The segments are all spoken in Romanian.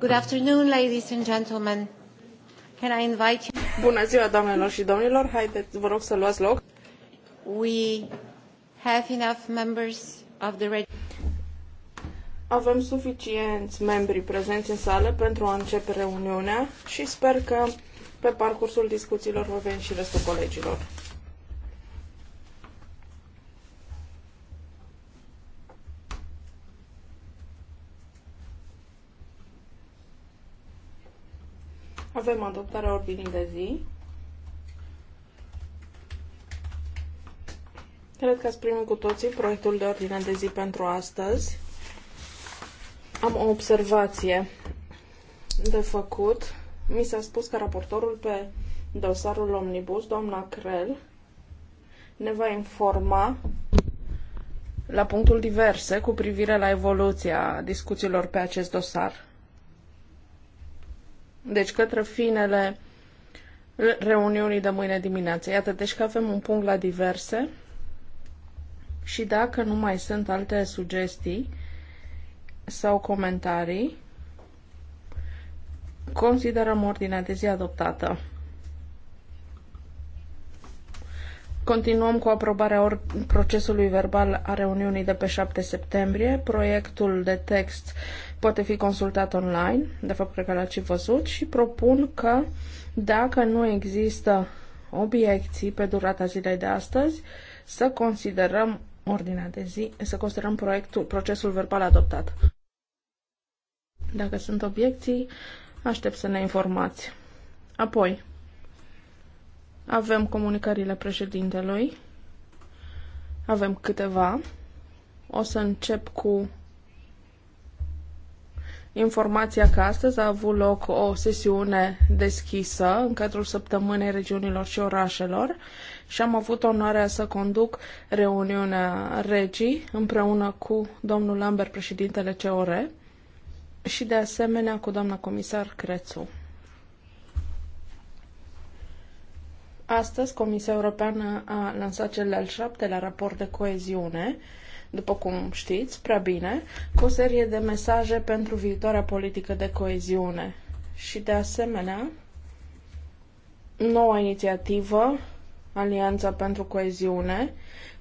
Good afternoon, ladies and gentlemen. Can I invite you? Bună ziua, doamnelor și domnilor. Haideți, vă rog să luați loc. We have enough members of the avem suficienți membri prezenți în sală pentru a începe reuniunea și sper că pe parcursul discuțiilor vă veni și restul colegilor. Avem adoptarea ordinii de zi. Cred că ați primit cu toții proiectul de ordine de zi pentru astăzi. Am o observație de făcut. Mi s-a spus că raportorul pe dosarul Omnibus, doamna Crel, ne va informa la punctul diverse cu privire la evoluția discuțiilor pe acest dosar. Deci către finele reuniunii de mâine dimineață. Iată, deci că avem un punct la diverse și dacă nu mai sunt alte sugestii sau comentarii, considerăm ordinea de zi adoptată. Continuăm cu aprobarea procesului verbal a reuniunii de pe 7 septembrie. Proiectul de text poate fi consultat online, de fapt cred că l-ați văzut, și propun că dacă nu există obiecții pe durata zilei de astăzi, să considerăm ordinea de zi, să considerăm proiectul, procesul verbal adoptat. Dacă sunt obiecții, aștept să ne informați. Apoi, avem comunicările președintelui. Avem câteva. O să încep cu informația că astăzi a avut loc o sesiune deschisă în cadrul săptămânii regiunilor și orașelor și am avut onoarea să conduc reuniunea regii împreună cu domnul Lambert, președintele COR și de asemenea cu doamna comisar Crețu. Astăzi, Comisia Europeană a lansat cel de-al șaptelea raport de coeziune, după cum știți prea bine, cu o serie de mesaje pentru viitoarea politică de coeziune. Și de asemenea, noua inițiativă, Alianța pentru Coeziune,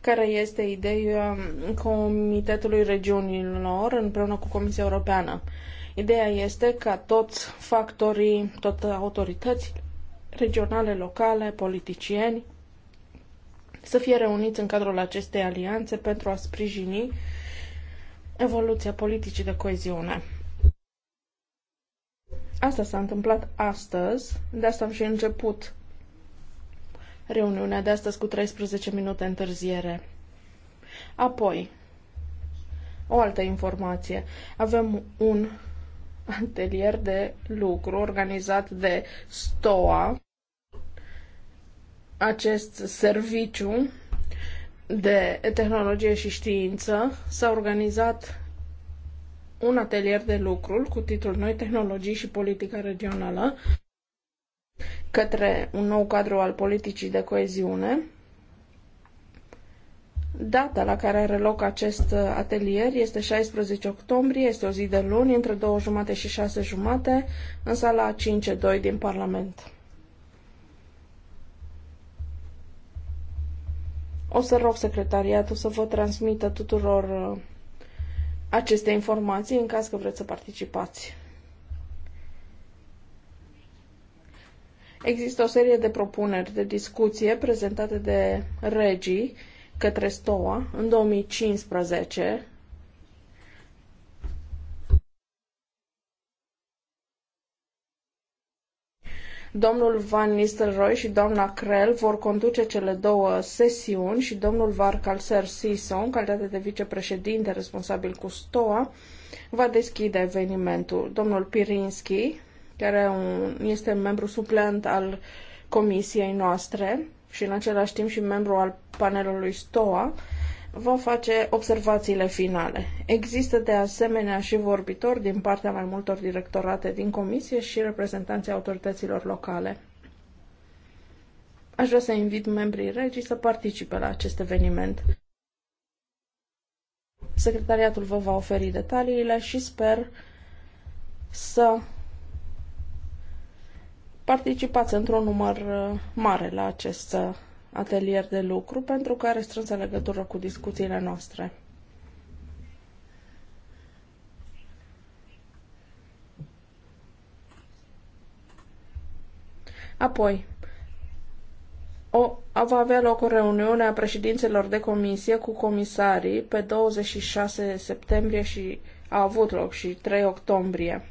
care este ideea Comitetului Regiunilor împreună cu Comisia Europeană. Ideea este ca toți factorii, toate autoritățile regionale, locale, politicieni, să fie reuniți în cadrul acestei alianțe pentru a sprijini evoluția politicii de coeziune. Asta s-a întâmplat astăzi, de asta am și început reuniunea de astăzi cu 13 minute întârziere. Apoi, o altă informație. Avem un atelier de lucru organizat de STOA, acest serviciu de tehnologie și știință s-a organizat un atelier de lucru cu titlul Noi tehnologii și politica regională către un nou cadru al politicii de coeziune. Data la care are loc acest atelier este 16 octombrie, este o zi de luni, între 2 jumate și 6 jumate, în sala 5.2 din Parlament. O să rog secretariatul să vă transmită tuturor uh, aceste informații în caz că vreți să participați. Există o serie de propuneri de discuție prezentate de regii către STOA în 2015 Domnul Van Nistelrooy și doamna Krell vor conduce cele două sesiuni și domnul Varcalser Sison, în calitate de vicepreședinte responsabil cu STOA, va deschide evenimentul. Domnul Pirinski, care este membru suplent al comisiei noastre și în același timp și membru al panelului STOA, vom face observațiile finale. Există de asemenea și vorbitori din partea mai multor directorate din comisie și reprezentanții autorităților locale. Aș vrea să invit membrii regii să participe la acest eveniment. Secretariatul vă va oferi detaliile și sper să participați într-un număr uh, mare la acest uh, atelier de lucru pentru că are strânsă legătură cu discuțiile noastre. Apoi, o, va avea loc o reuniune a președinților de comisie cu comisarii pe 26 septembrie și a avut loc și 3 octombrie.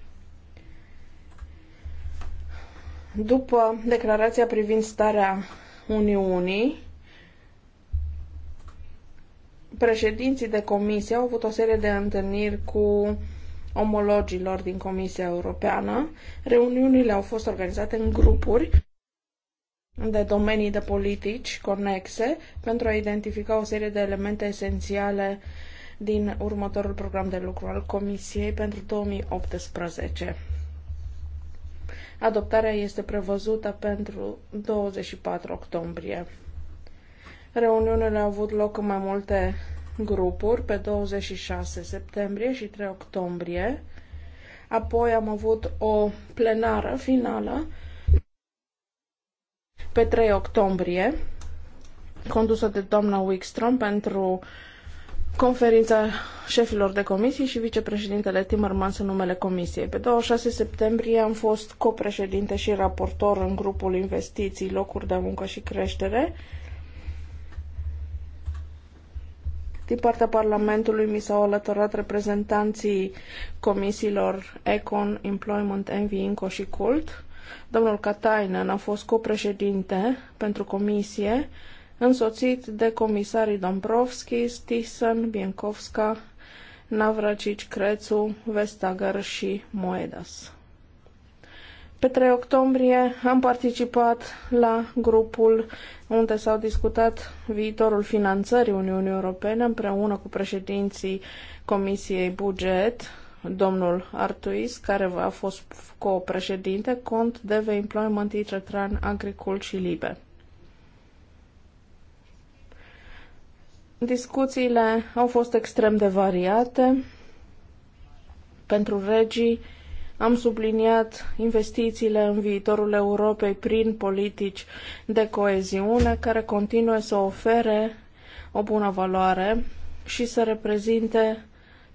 După declarația privind starea Uniunii, președinții de comisie au avut o serie de întâlniri cu omologilor din Comisia Europeană. Reuniunile au fost organizate în grupuri de domenii de politici conexe pentru a identifica o serie de elemente esențiale din următorul program de lucru al Comisiei pentru 2018. Adoptarea este prevăzută pentru 24 octombrie. Reuniunile au avut loc în mai multe grupuri pe 26 septembrie și 3 octombrie. Apoi am avut o plenară finală pe 3 octombrie, condusă de doamna Wickstrom pentru conferința șefilor de comisii și vicepreședintele Timmermans în numele comisiei. Pe 26 septembrie am fost copreședinte și raportor în grupul investiții, locuri de muncă și creștere. Din partea Parlamentului mi s-au alăturat reprezentanții comisiilor Econ, Employment, Envy, Inco și Cult. Domnul Katainen a fost copreședinte pentru comisie însoțit de comisarii Dombrovskis, Thyssen, Biencovska, Navracici, Crețu, Vestager și Moedas. Pe 3 octombrie am participat la grupul unde s-au discutat viitorul finanțării Uniunii Europene împreună cu președinții Comisiei Buget, domnul Artuis, care a fost co-președinte, cont de Employment, Itretran, Agricul și Libe. Discuțiile au fost extrem de variate. Pentru regii am subliniat investițiile în viitorul Europei prin politici de coeziune care continuă să ofere o bună valoare și să reprezinte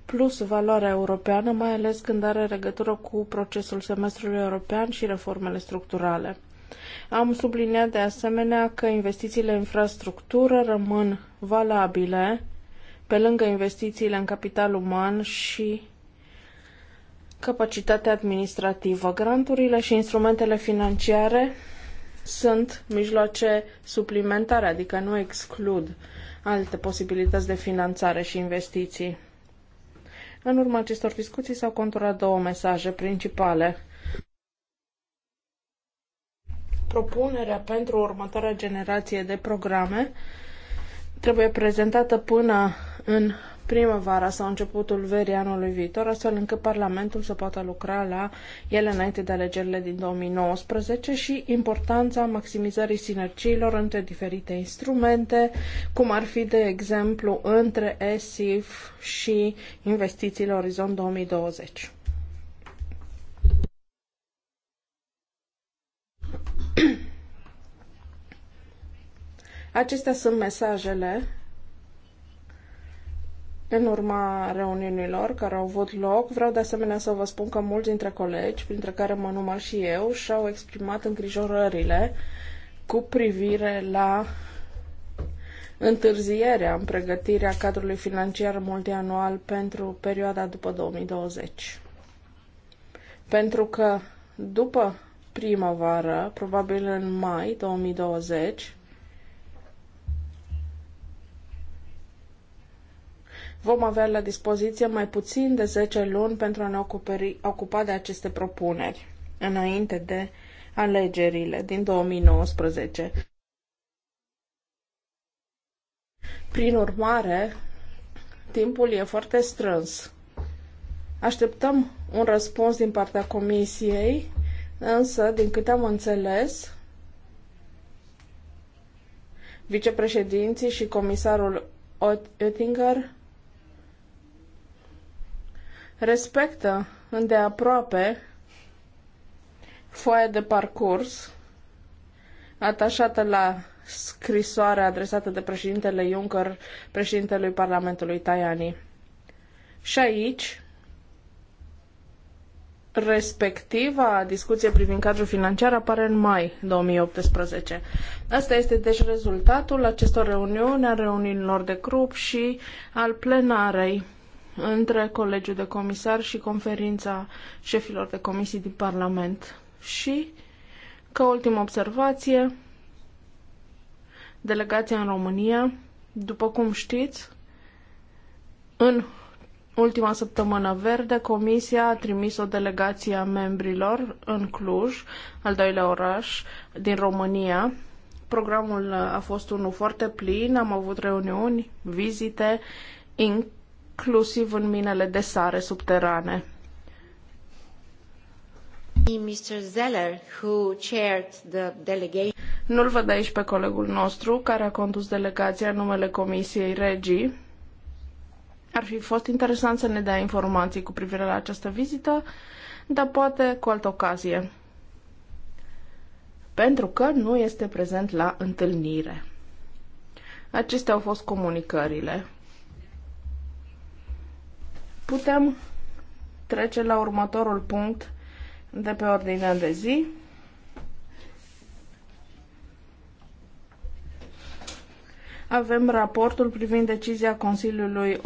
plus valoarea europeană, mai ales când are legătură cu procesul semestrului european și reformele structurale. Am subliniat de asemenea că investițiile în infrastructură rămân valabile pe lângă investițiile în capital uman și capacitatea administrativă. Granturile și instrumentele financiare sunt mijloace suplimentare, adică nu exclud alte posibilități de finanțare și investiții. În urma acestor discuții s-au conturat două mesaje principale propunerea pentru următoarea generație de programe trebuie prezentată până în primăvara sau începutul verii anului viitor, astfel încât Parlamentul să poată lucra la ele înainte de alegerile din 2019 și importanța maximizării sinergiilor între diferite instrumente, cum ar fi, de exemplu, între ESIF și investițiile Orizont 2020. Acestea sunt mesajele în urma reuniunilor care au avut loc. Vreau de asemenea să vă spun că mulți dintre colegi, printre care mă număr și eu, și-au exprimat îngrijorările cu privire la întârzierea în pregătirea cadrului financiar multianual pentru perioada după 2020. Pentru că după primăvară, probabil în mai 2020, vom avea la dispoziție mai puțin de 10 luni pentru a ne ocuperi, ocupa de aceste propuneri, înainte de alegerile din 2019. Prin urmare, timpul e foarte strâns. Așteptăm un răspuns din partea Comisiei Însă, din câte am înțeles, vicepreședinții și comisarul Oettinger respectă îndeaproape foaia de parcurs atașată la scrisoare adresată de președintele Juncker președintelui Parlamentului Tajani. Și aici respectiva discuție privind cadrul financiar apare în mai 2018. Asta este deci rezultatul acestor reuniuni, a reuniunilor de grup și al plenarei între Colegiul de Comisar și Conferința Șefilor de Comisii din Parlament. Și, ca ultimă observație, delegația în România, după cum știți, în ultima săptămână verde, Comisia a trimis o delegație a membrilor în Cluj, al doilea oraș din România. Programul a fost unul foarte plin, am avut reuniuni, vizite, inclusiv în minele de sare subterane. Mr. Zeller, who chaired the delegation. Nu-l văd aici pe colegul nostru, care a condus delegația în numele Comisiei Regii ar fi fost interesant să ne dea informații cu privire la această vizită, dar poate cu altă ocazie. Pentru că nu este prezent la întâlnire. Acestea au fost comunicările. Putem trece la următorul punct de pe ordinea de zi. avem raportul privind decizia Consiliului 189-2014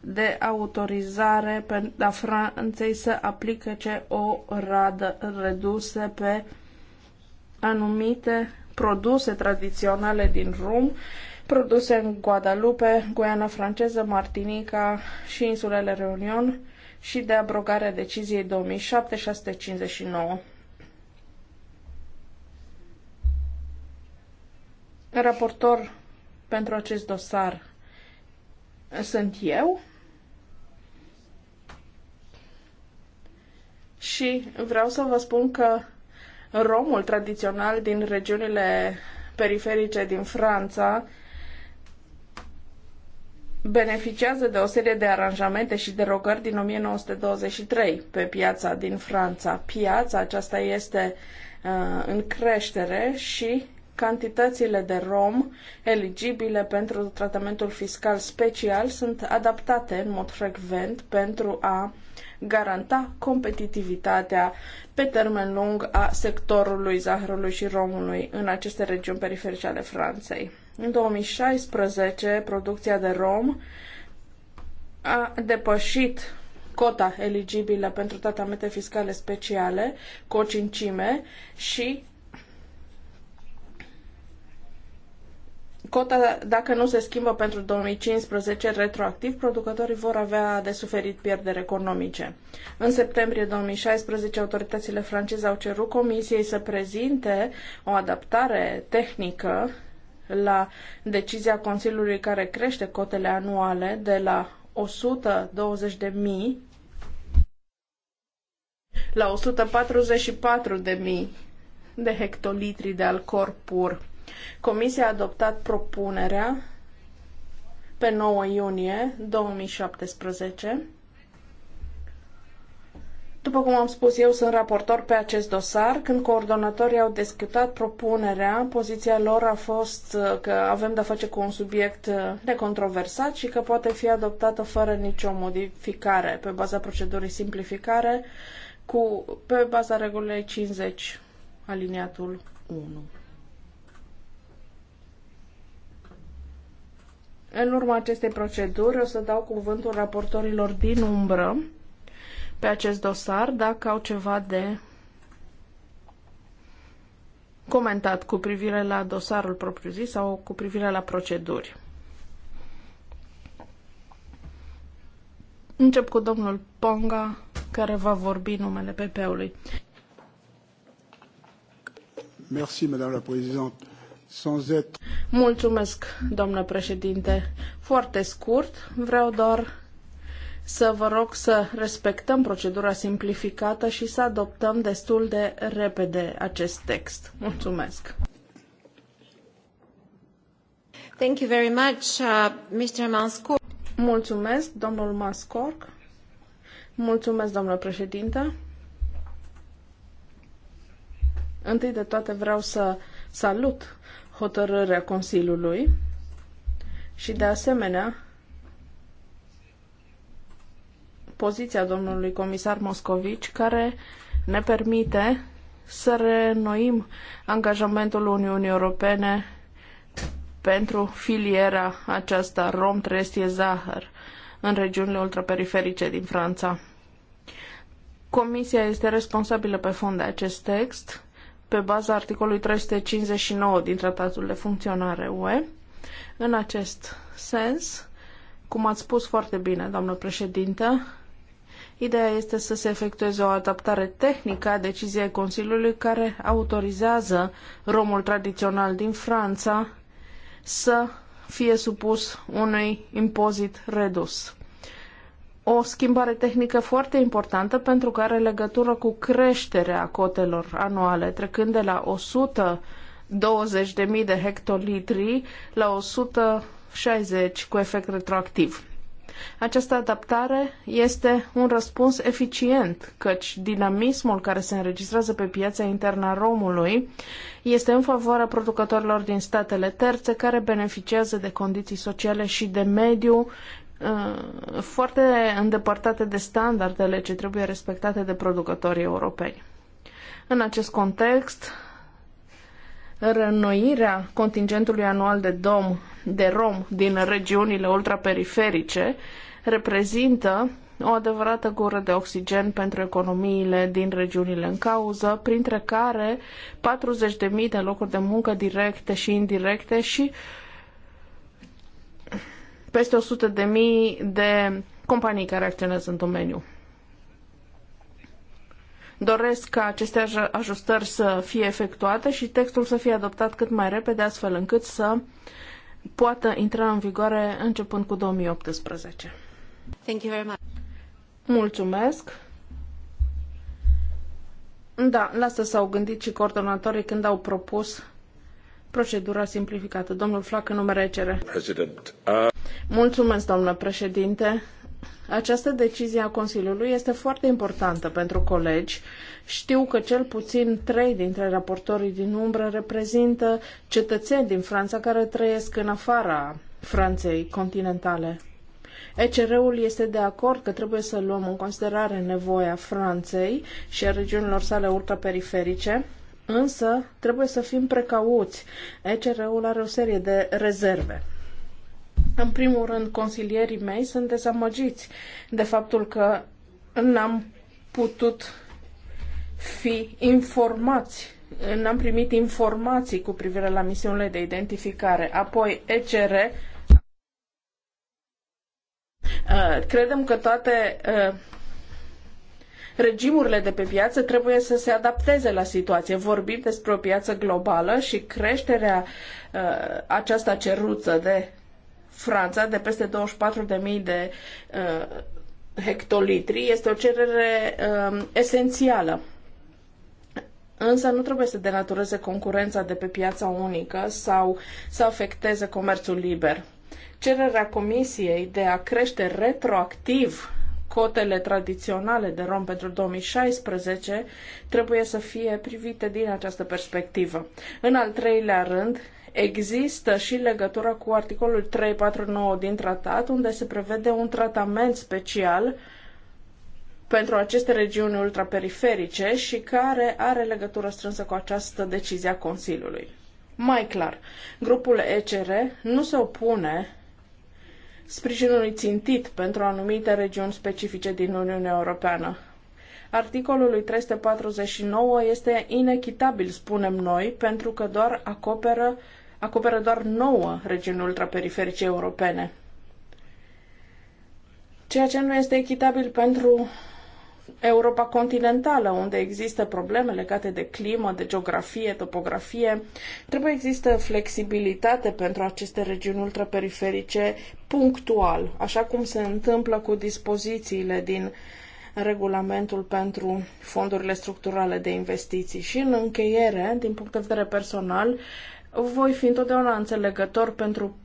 de autorizare a Franței să aplice o radă reduse pe anumite produse tradiționale din rum, produse în Guadalupe, Guiana franceză, Martinica și insulele Reunion și de abrogare deciziei 2759. Raportor pentru acest dosar sunt eu și vreau să vă spun că romul tradițional din regiunile periferice din Franța beneficiază de o serie de aranjamente și derogări din 1923 pe piața din Franța. Piața aceasta este uh, în creștere și cantitățile de rom eligibile pentru tratamentul fiscal special sunt adaptate în mod frecvent pentru a garanta competitivitatea pe termen lung a sectorului zahărului și romului în aceste regiuni periferice ale Franței. În 2016, producția de rom a depășit cota eligibilă pentru tratamente fiscale speciale cu o cincime și cota, dacă nu se schimbă pentru 2015 retroactiv, producătorii vor avea de suferit pierderi economice. În septembrie 2016, autoritățile franceze au cerut comisiei să prezinte o adaptare tehnică la decizia Consiliului care crește cotele anuale de la 120.000 la 144.000 de hectolitri de alcool pur Comisia a adoptat propunerea pe 9 iunie 2017. După cum am spus, eu sunt raportor pe acest dosar. Când coordonatorii au discutat propunerea, poziția lor a fost uh, că avem de-a face cu un subiect uh, necontroversat și că poate fi adoptată fără nicio modificare, pe baza procedurii simplificare, cu, pe baza regulii 50, aliniatul 1. În urma acestei proceduri o să dau cuvântul raportorilor din umbră pe acest dosar dacă au ceva de comentat cu privire la dosarul propriu-zis sau cu privire la proceduri. Încep cu domnul Ponga, care va vorbi numele PP-ului. Mulțumesc, Madame la Mulțumesc, doamnă președinte. Foarte scurt, vreau doar să vă rog să respectăm procedura simplificată și să adoptăm destul de repede acest text. Mulțumesc. Thank you very much, uh, Mr. Manscork. Mulțumesc, domnul Mascorc. Mulțumesc, doamnă președinte. Întâi de toate vreau să salut hotărârea Consiliului și, de asemenea, poziția domnului comisar Moscovici, care ne permite să renoim angajamentul Uniunii Europene pentru filiera aceasta rom trestie zahăr în regiunile ultraperiferice din Franța. Comisia este responsabilă pe fond de acest text pe baza articolului 359 din Tratatul de Funcționare UE. În acest sens, cum ați spus foarte bine, doamnă președintă, ideea este să se efectueze o adaptare tehnică a deciziei Consiliului care autorizează romul tradițional din Franța să fie supus unui impozit redus o schimbare tehnică foarte importantă pentru că are legătură cu creșterea cotelor anuale, trecând de la 120.000 de hectolitri la 160 cu efect retroactiv. Această adaptare este un răspuns eficient, căci dinamismul care se înregistrează pe piața internă a romului este în favoarea producătorilor din statele terțe care beneficiază de condiții sociale și de mediu Uh, foarte îndepărtate de standardele ce trebuie respectate de producătorii europeni. În acest context, rănoirea contingentului anual de, dom, de rom din regiunile ultraperiferice reprezintă o adevărată gură de oxigen pentru economiile din regiunile în cauză, printre care 40.000 de locuri de muncă directe și indirecte și peste 100.000 de mii de companii care acționează în domeniu. Doresc ca aceste ajustări să fie efectuate și textul să fie adoptat cât mai repede, astfel încât să poată intra în vigoare începând cu 2018. Thank you very much. Mulțumesc. Da, la asta s-au gândit și coordonatorii când au propus procedura simplificată. Domnul Flac, în numere cere. President, uh... Mulțumesc, doamnă președinte. Această decizie a Consiliului este foarte importantă pentru colegi. Știu că cel puțin trei dintre raportorii din umbră reprezintă cetățeni din Franța care trăiesc în afara Franței continentale. ECR-ul este de acord că trebuie să luăm în considerare nevoia Franței și a regiunilor sale ultraperiferice, însă trebuie să fim precauți. ECR-ul are o serie de rezerve în primul rând, consilierii mei sunt dezamăgiți de faptul că n-am putut fi informați n-am primit informații cu privire la misiunile de identificare. Apoi, ECR. Uh, credem că toate uh, regimurile de pe piață trebuie să se adapteze la situație. Vorbim despre o piață globală și creșterea uh, aceasta ceruță de Franța de peste 24.000 de uh, hectolitri este o cerere uh, esențială. Însă nu trebuie să denatureze concurența de pe piața unică sau să afecteze comerțul liber. Cererea Comisiei de a crește retroactiv cotele tradiționale de rom pentru 2016 trebuie să fie privite din această perspectivă. În al treilea rând, Există și legătura cu articolul 349 din tratat, unde se prevede un tratament special pentru aceste regiuni ultraperiferice și care are legătură strânsă cu această decizie a Consiliului. Mai clar, grupul ECR nu se opune sprijinului țintit pentru anumite regiuni specifice din Uniunea Europeană. Articolului 349 este inechitabil, spunem noi, pentru că doar acoperă acoperă doar 9 regiuni ultraperiferice europene. Ceea ce nu este echitabil pentru Europa continentală, unde există probleme legate de climă, de geografie, topografie, trebuie există flexibilitate pentru aceste regiuni ultraperiferice punctual, așa cum se întâmplă cu dispozițiile din regulamentul pentru fondurile structurale de investiții. Și în încheiere, din punct de vedere personal, voi fi întotdeauna înțelegător pentru,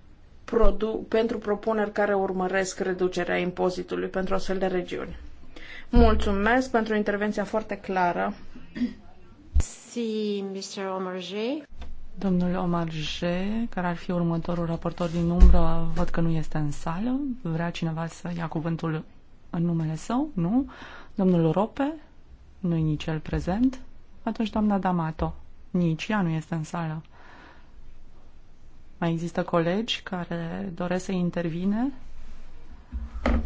produ- pentru propuneri care urmăresc reducerea impozitului pentru astfel de regiuni. Mulțumesc pentru intervenția foarte clară. Si, Mr. Omarje. Domnul G., care ar fi următorul raportor din umbră, văd că nu este în sală. Vrea cineva să ia cuvântul în numele său? Nu. Domnul Rope? Nu-i nici el prezent. Atunci doamna Damato. Nici ea nu este în sală. Mai există colegi care doresc să intervine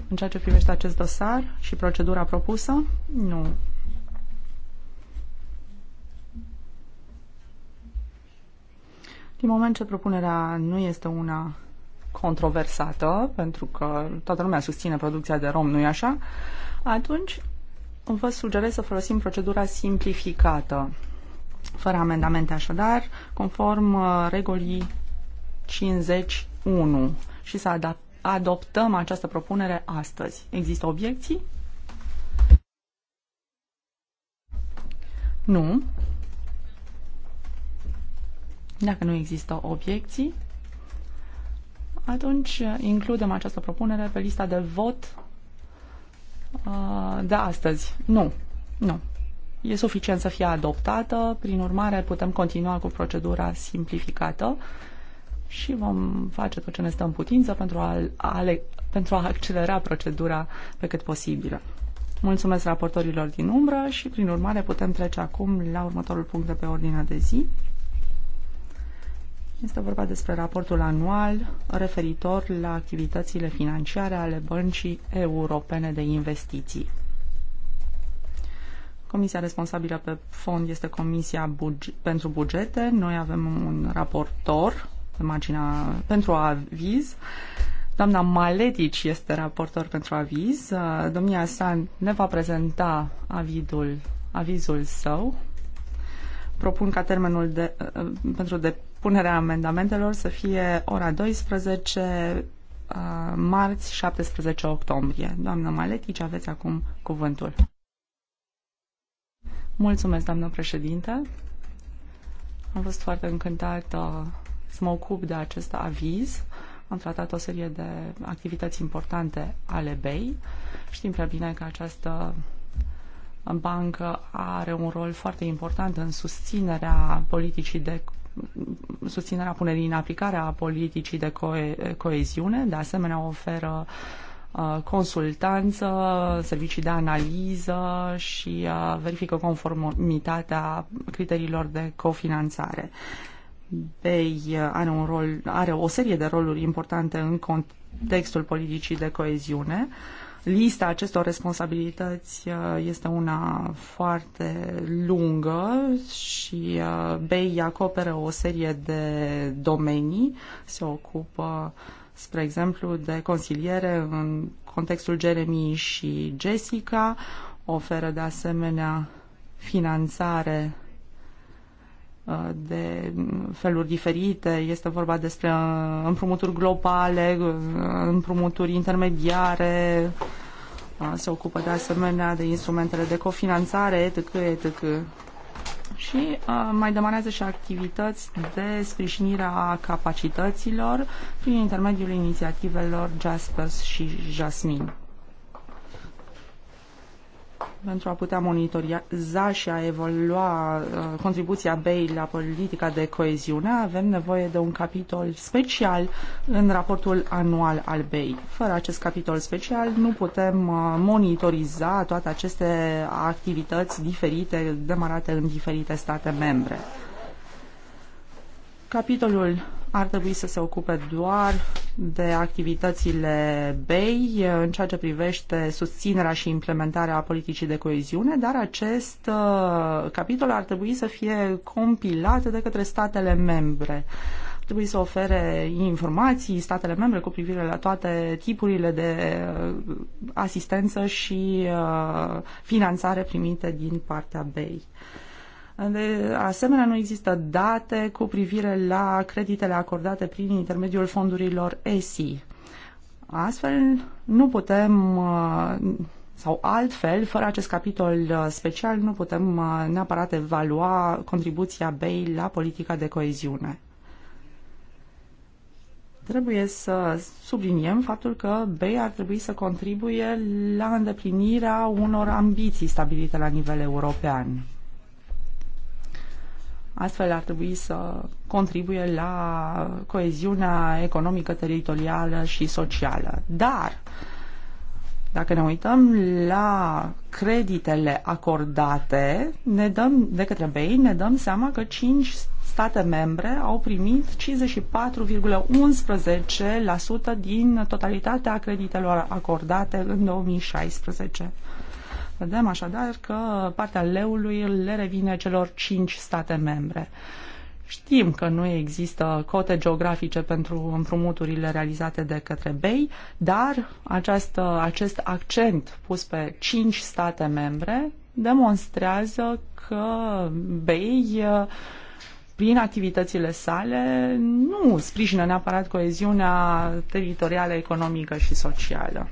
în ceea ce privește acest dosar și procedura propusă? Nu. Din moment ce propunerea nu este una controversată, pentru că toată lumea susține producția de rom, nu-i așa? Atunci vă sugerez să folosim procedura simplificată, fără amendamente așadar, conform uh, regulii 51 și să adoptăm această propunere astăzi. Există obiecții? Nu. Dacă nu există obiecții, atunci includem această propunere pe lista de vot uh, de astăzi. Nu. Nu. E suficient să fie adoptată, prin urmare putem continua cu procedura simplificată și vom face tot ce ne stă în putință pentru a, ale, pentru a accelera procedura pe cât posibilă. Mulțumesc raportorilor din umbră și, prin urmare, putem trece acum la următorul punct de pe ordinea de zi. Este vorba despre raportul anual referitor la activitățile financiare ale Băncii Europene de Investiții. Comisia responsabilă pe fond este Comisia Bug- pentru Bugete. Noi avem un raportor pe pentru aviz. Doamna Maletic este raportor pentru aviz. Uh, domnia sa ne va prezenta avidul, avizul său. Propun ca termenul de, uh, pentru depunerea amendamentelor să fie ora 12, uh, marți 17 octombrie. Doamna Maletici, aveți acum cuvântul. Mulțumesc, doamnă președinte. Am fost foarte încântată să mă ocup de acest aviz. Am tratat o serie de activități importante ale BEI. Știm prea bine că această bancă are un rol foarte important în susținerea politicii de susținerea punerii în aplicare a politicii de co- coeziune. De asemenea, oferă uh, consultanță, servicii de analiză și uh, verifică conformitatea criteriilor de cofinanțare. Bay uh, are, un rol, are o serie de roluri importante în contextul politicii de coeziune. Lista acestor responsabilități uh, este una foarte lungă și uh, Bay acoperă o serie de domenii. Se ocupă, spre exemplu, de consiliere în contextul Jeremy și Jessica, oferă de asemenea finanțare de feluri diferite. Este vorba despre uh, împrumuturi globale, uh, împrumuturi intermediare, uh, se ocupă de asemenea de instrumentele de cofinanțare, etc., etc. Și mai demanează și activități de sprijinire a capacităților prin intermediul inițiativelor Jaspers și Jasmine pentru a putea monitoriza și a evolua uh, contribuția BEI la politica de coeziune, avem nevoie de un capitol special în raportul anual al BEI. Fără acest capitol special nu putem uh, monitoriza toate aceste activități diferite, demarate în diferite state membre. Capitolul ar trebui să se ocupe doar de activitățile BEI în ceea ce privește susținerea și implementarea politicii de coeziune, dar acest uh, capitol ar trebui să fie compilat de către statele membre. Ar trebui să ofere informații statele membre cu privire la toate tipurile de uh, asistență și uh, finanțare primite din partea BEI. De asemenea, nu există date cu privire la creditele acordate prin intermediul fondurilor ESI. Astfel, nu putem uh, sau altfel, fără acest capitol uh, special, nu putem uh, neapărat evalua contribuția BEI la politica de coeziune. Trebuie să subliniem faptul că BEI ar trebui să contribuie la îndeplinirea unor ambiții stabilite la nivel european. Astfel ar trebui să contribuie la coeziunea economică, teritorială și socială. Dar, dacă ne uităm la creditele acordate ne dăm, de către BEI, ne dăm seama că 5 state membre au primit 54,11% din totalitatea creditelor acordate în 2016. Vedem așadar că partea leului le revine celor cinci state membre. Știm că nu există cote geografice pentru împrumuturile realizate de către BEI, dar acest acest accent pus pe cinci state membre demonstrează că BEI prin activitățile sale nu sprijină neapărat coeziunea teritorială, economică și socială.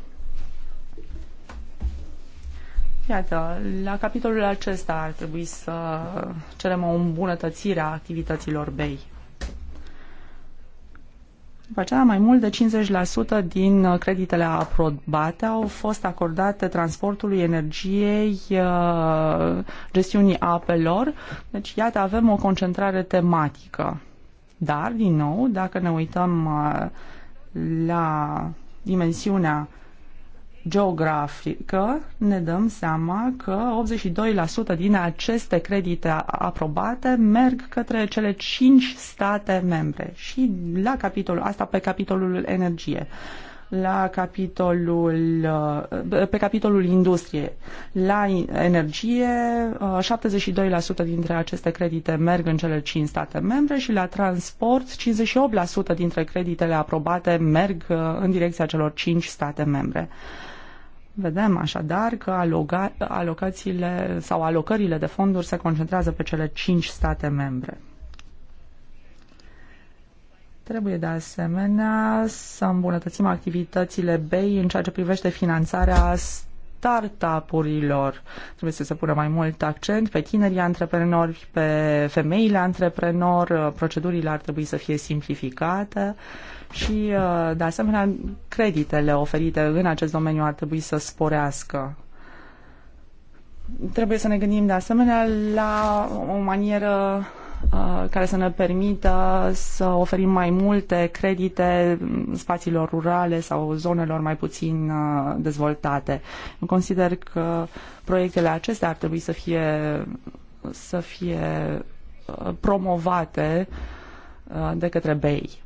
Iată, la capitolul acesta ar trebui să cerem o îmbunătățire a activităților BEI. După aceea, mai mult de 50% din creditele aprobate au fost acordate transportului, energiei, uh, gestiunii apelor. Deci, iată, avem o concentrare tematică. Dar, din nou, dacă ne uităm uh, la dimensiunea geografică, ne dăm seama că 82% din aceste credite aprobate merg către cele 5 state membre și la capitolul, asta pe capitolul energie la capitolul, uh, pe capitolul industrie. La energie, 72% uh, dintre aceste credite merg în cele 5 state membre și la transport, 58% dintre creditele aprobate merg uh, în direcția celor 5 state membre. Vedem așadar că alocațiile sau alocările de fonduri se concentrează pe cele cinci state membre. Trebuie de asemenea să îmbunătățim activitățile BEI în ceea ce privește finanțarea startup-urilor. Trebuie să se pună mai mult accent pe tinerii antreprenori, pe femeile antreprenori, procedurile ar trebui să fie simplificate. Uh, și, uh, de asemenea, creditele oferite în acest domeniu ar trebui să sporească. Trebuie să ne gândim, de asemenea, la o manieră uh, care să ne permită să oferim mai multe credite spațiilor rurale sau zonelor mai puțin uh, dezvoltate. Eu consider că proiectele acestea ar trebui să fie, să fie promovate de către BEI.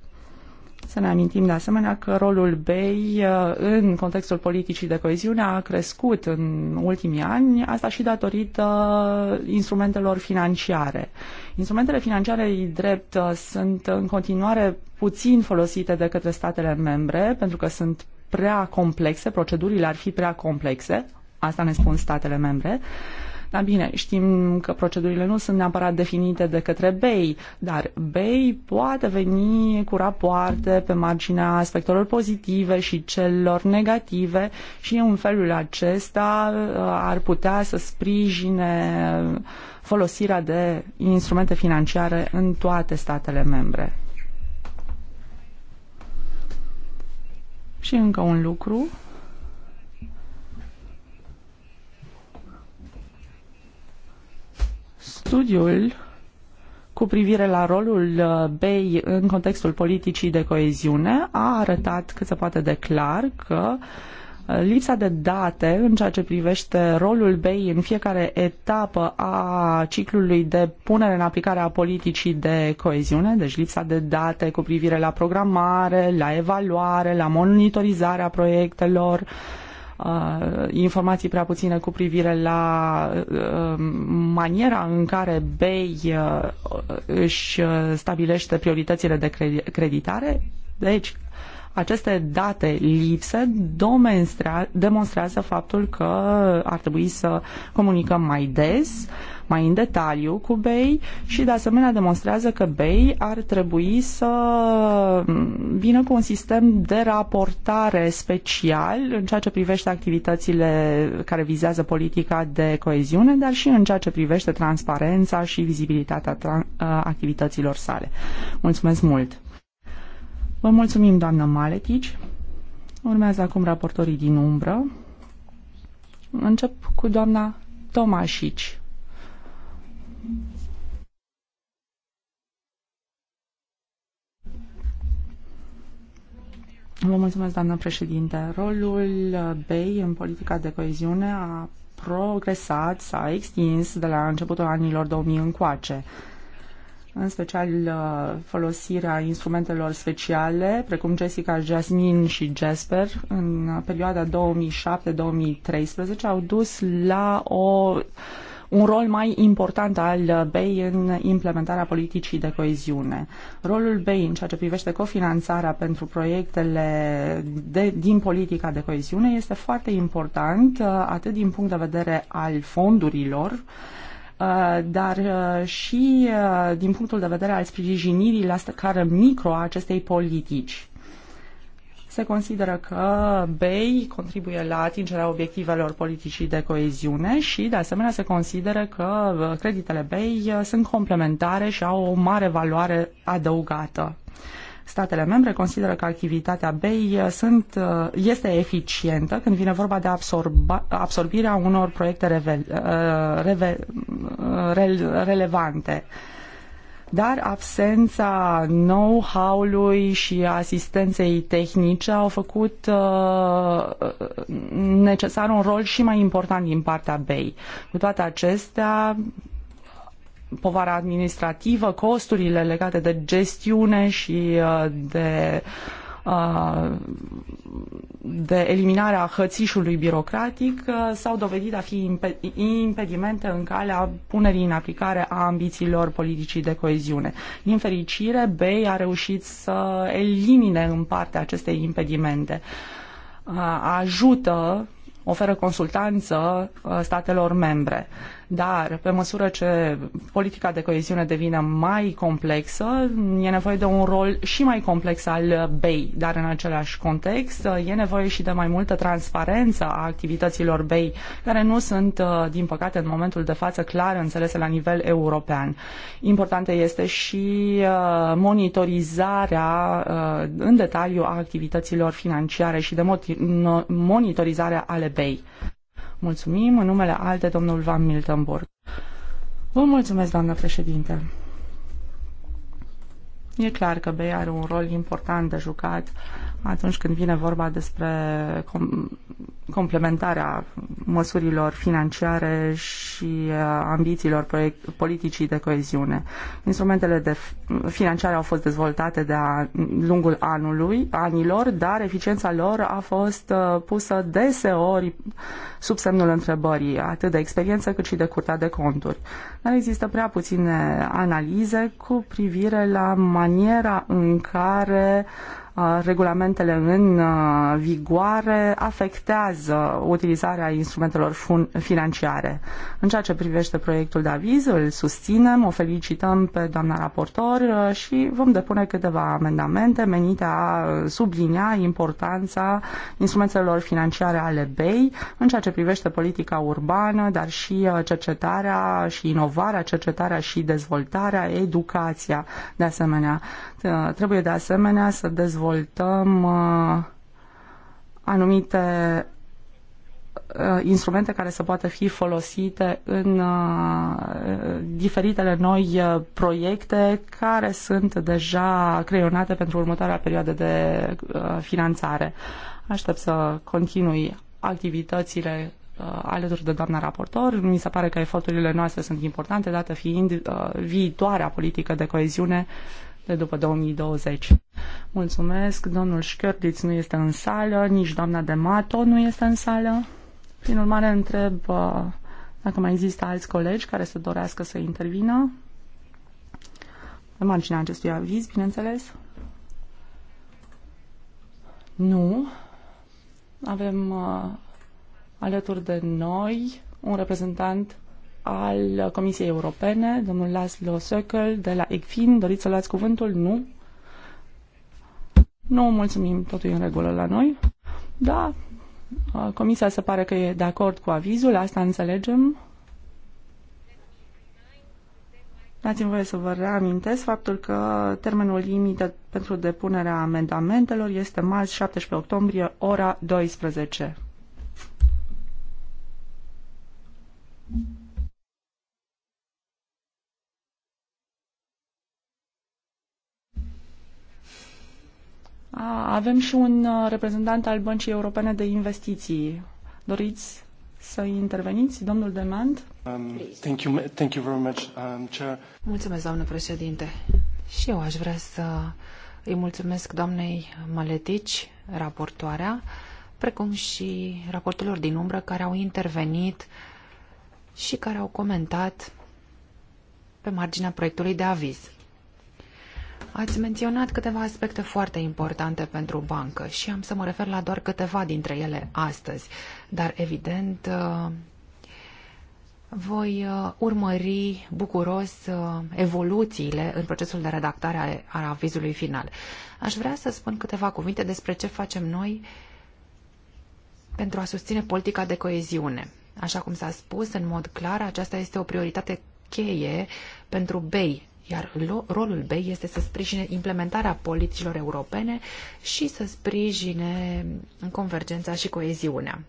Să ne amintim de asemenea că rolul BEI uh, în contextul politicii de coeziune a crescut în ultimii ani, asta și datorită instrumentelor financiare. Instrumentele financiare, ei drept, uh, sunt în continuare puțin folosite de către statele membre, pentru că sunt prea complexe, procedurile ar fi prea complexe, asta ne spun statele membre, uh, dar bine, știm că procedurile nu sunt neapărat definite de către BEI, dar BEI poate veni cu rapoarte pe marginea aspectelor pozitive și celor negative și în felul acesta uh, ar putea să sprijine folosirea de instrumente financiare în toate statele membre. Și încă un lucru studiul cu privire la rolul uh, BEI în contextul politicii de coeziune a arătat cât se poate de clar că uh, lipsa de date în ceea ce privește rolul BEI în fiecare etapă a ciclului de punere în aplicare a politicii de coeziune, deci lipsa de date cu privire la programare, la evaluare, la monitorizarea proiectelor, uh, Uh, informații prea puține cu privire la uh, um, maniera în care BEI uh, își stabilește prioritățile de creditare. Deci, aceste date lipse demonstrează faptul că ar trebui să comunicăm mai des, mai în detaliu cu BEI și de asemenea demonstrează că BEI ar trebui să vină cu un sistem de raportare special în ceea ce privește activitățile care vizează politica de coeziune, dar și în ceea ce privește transparența și vizibilitatea uh, activităților sale. Mulțumesc mult! Vă mulțumim, doamnă Maletici. Urmează acum raportorii din umbră. Încep cu doamna Tomașici. Vă mulțumesc, doamnă președinte. Rolul BEI în politica de coeziune a progresat, s-a extins de la începutul anilor 2000 încoace în special uh, folosirea instrumentelor speciale, precum Jessica, Jasmine și Jasper, în uh, perioada 2007-2013, au dus la o un rol mai important al uh, BEI în implementarea politicii de coeziune. Rolul BEI în ceea ce privește cofinanțarea pentru proiectele de, din politica de coeziune este foarte important, atât din punct de vedere al fondurilor, Uh, dar uh, și uh, din punctul de vedere al sprijinirii la scară micro a acestei politici. Se consideră că BEI contribuie la atingerea obiectivelor politicii de coeziune și, de asemenea, se consideră că creditele BEI sunt complementare și au o mare valoare adăugată. Uh, Statele membre consideră că activitatea BEI uh, sunt, uh, este eficientă când vine vorba de absorba, absorbirea unor proiecte uh, reve, relevante dar absența know-how-ului și asistenței tehnice au făcut necesar un rol și mai important din partea BEI. Cu toate acestea, povara administrativă, costurile legate de gestiune și uh, de uh, de eliminarea hățișului birocratic uh, s-au dovedit a fi impedimente în calea punerii în aplicare a ambițiilor politicii de coeziune. Din fericire, BEI a reușit să elimine în parte aceste impedimente. Ajută, oferă consultanță statelor membre. Dar, pe măsură ce politica de coeziune devine mai complexă, e nevoie de un rol și mai complex al BEI. Dar, în același context, e nevoie și de mai multă transparență a activităților BEI, care nu sunt, din păcate, în momentul de față clar înțelese la nivel european. Importantă este și uh, monitorizarea uh, în detaliu a activităților financiare și de monitorizarea ale BEI. Mulțumim. În numele alte, domnul Van Miltenborg. Vă mulțumesc, doamnă președinte. E clar că BEI are un rol important de jucat atunci când vine vorba despre com- complementarea măsurilor financiare și uh, ambițiilor proiect- politicii de coeziune. Instrumentele de financiare au fost dezvoltate de-a lungul anului, anilor, dar eficiența lor a fost uh, pusă deseori sub semnul întrebării, atât de experiență cât și de curtea de conturi. Dar există prea puține analize cu privire la maniera în care regulamentele în vigoare afectează utilizarea instrumentelor financiare. În ceea ce privește proiectul de aviz, îl susținem, o felicităm pe doamna raportor și vom depune câteva amendamente menite a sublinia importanța instrumentelor financiare ale BEI în ceea ce privește politica urbană, dar și cercetarea și inovarea, cercetarea și dezvoltarea, educația. De asemenea, trebuie de asemenea să dezvoltăm dezvoltăm uh, anumite uh, instrumente care să poată fi folosite în uh, diferitele noi proiecte care sunt deja creionate pentru următoarea perioadă de finanțare. Aștept să continui activitățile alături de doamna raportor. Mi se pare că eforturile noastre sunt importante, dată fiind viitoarea politică de coeziune uh, de după 2020. Mulțumesc, domnul Șchiordiț nu este în sală, nici doamna de Mato nu este în sală. Prin urmare, întreb uh, dacă mai există alți colegi care să dorească să intervină. În marginea acestui aviz, bineînțeles. Nu. Avem uh, alături de noi un reprezentant al Comisiei Europene, domnul Laszlo Sökel de la ECFIN. Doriți să luați cuvântul? Nu? Nu, mulțumim, totul e în regulă la noi. Da, Comisia se pare că e de acord cu avizul, asta înțelegem. Dați-mi voie să vă reamintesc faptul că termenul limită pentru depunerea amendamentelor este marți 17 octombrie, ora 12. avem și un uh, reprezentant al Băncii Europene de Investiții. Doriți să interveniți, domnul Demand? Um, thank you, thank you very much, um, chair. Mulțumesc, doamnă președinte. Și eu aș vrea să îi mulțumesc doamnei Maletici, raportoarea, precum și raportelor din umbră care au intervenit și care au comentat pe marginea proiectului de aviz. Ați menționat câteva aspecte foarte importante pentru bancă și am să mă refer la doar câteva dintre ele astăzi. Dar, evident, uh, voi uh, urmări bucuros uh, evoluțiile în procesul de redactare a avizului final. Aș vrea să spun câteva cuvinte despre ce facem noi pentru a susține politica de coeziune. Așa cum s-a spus, în mod clar, aceasta este o prioritate cheie pentru BEI iar rolul BEI este să sprijine implementarea politicilor europene și să sprijine convergența și coeziunea.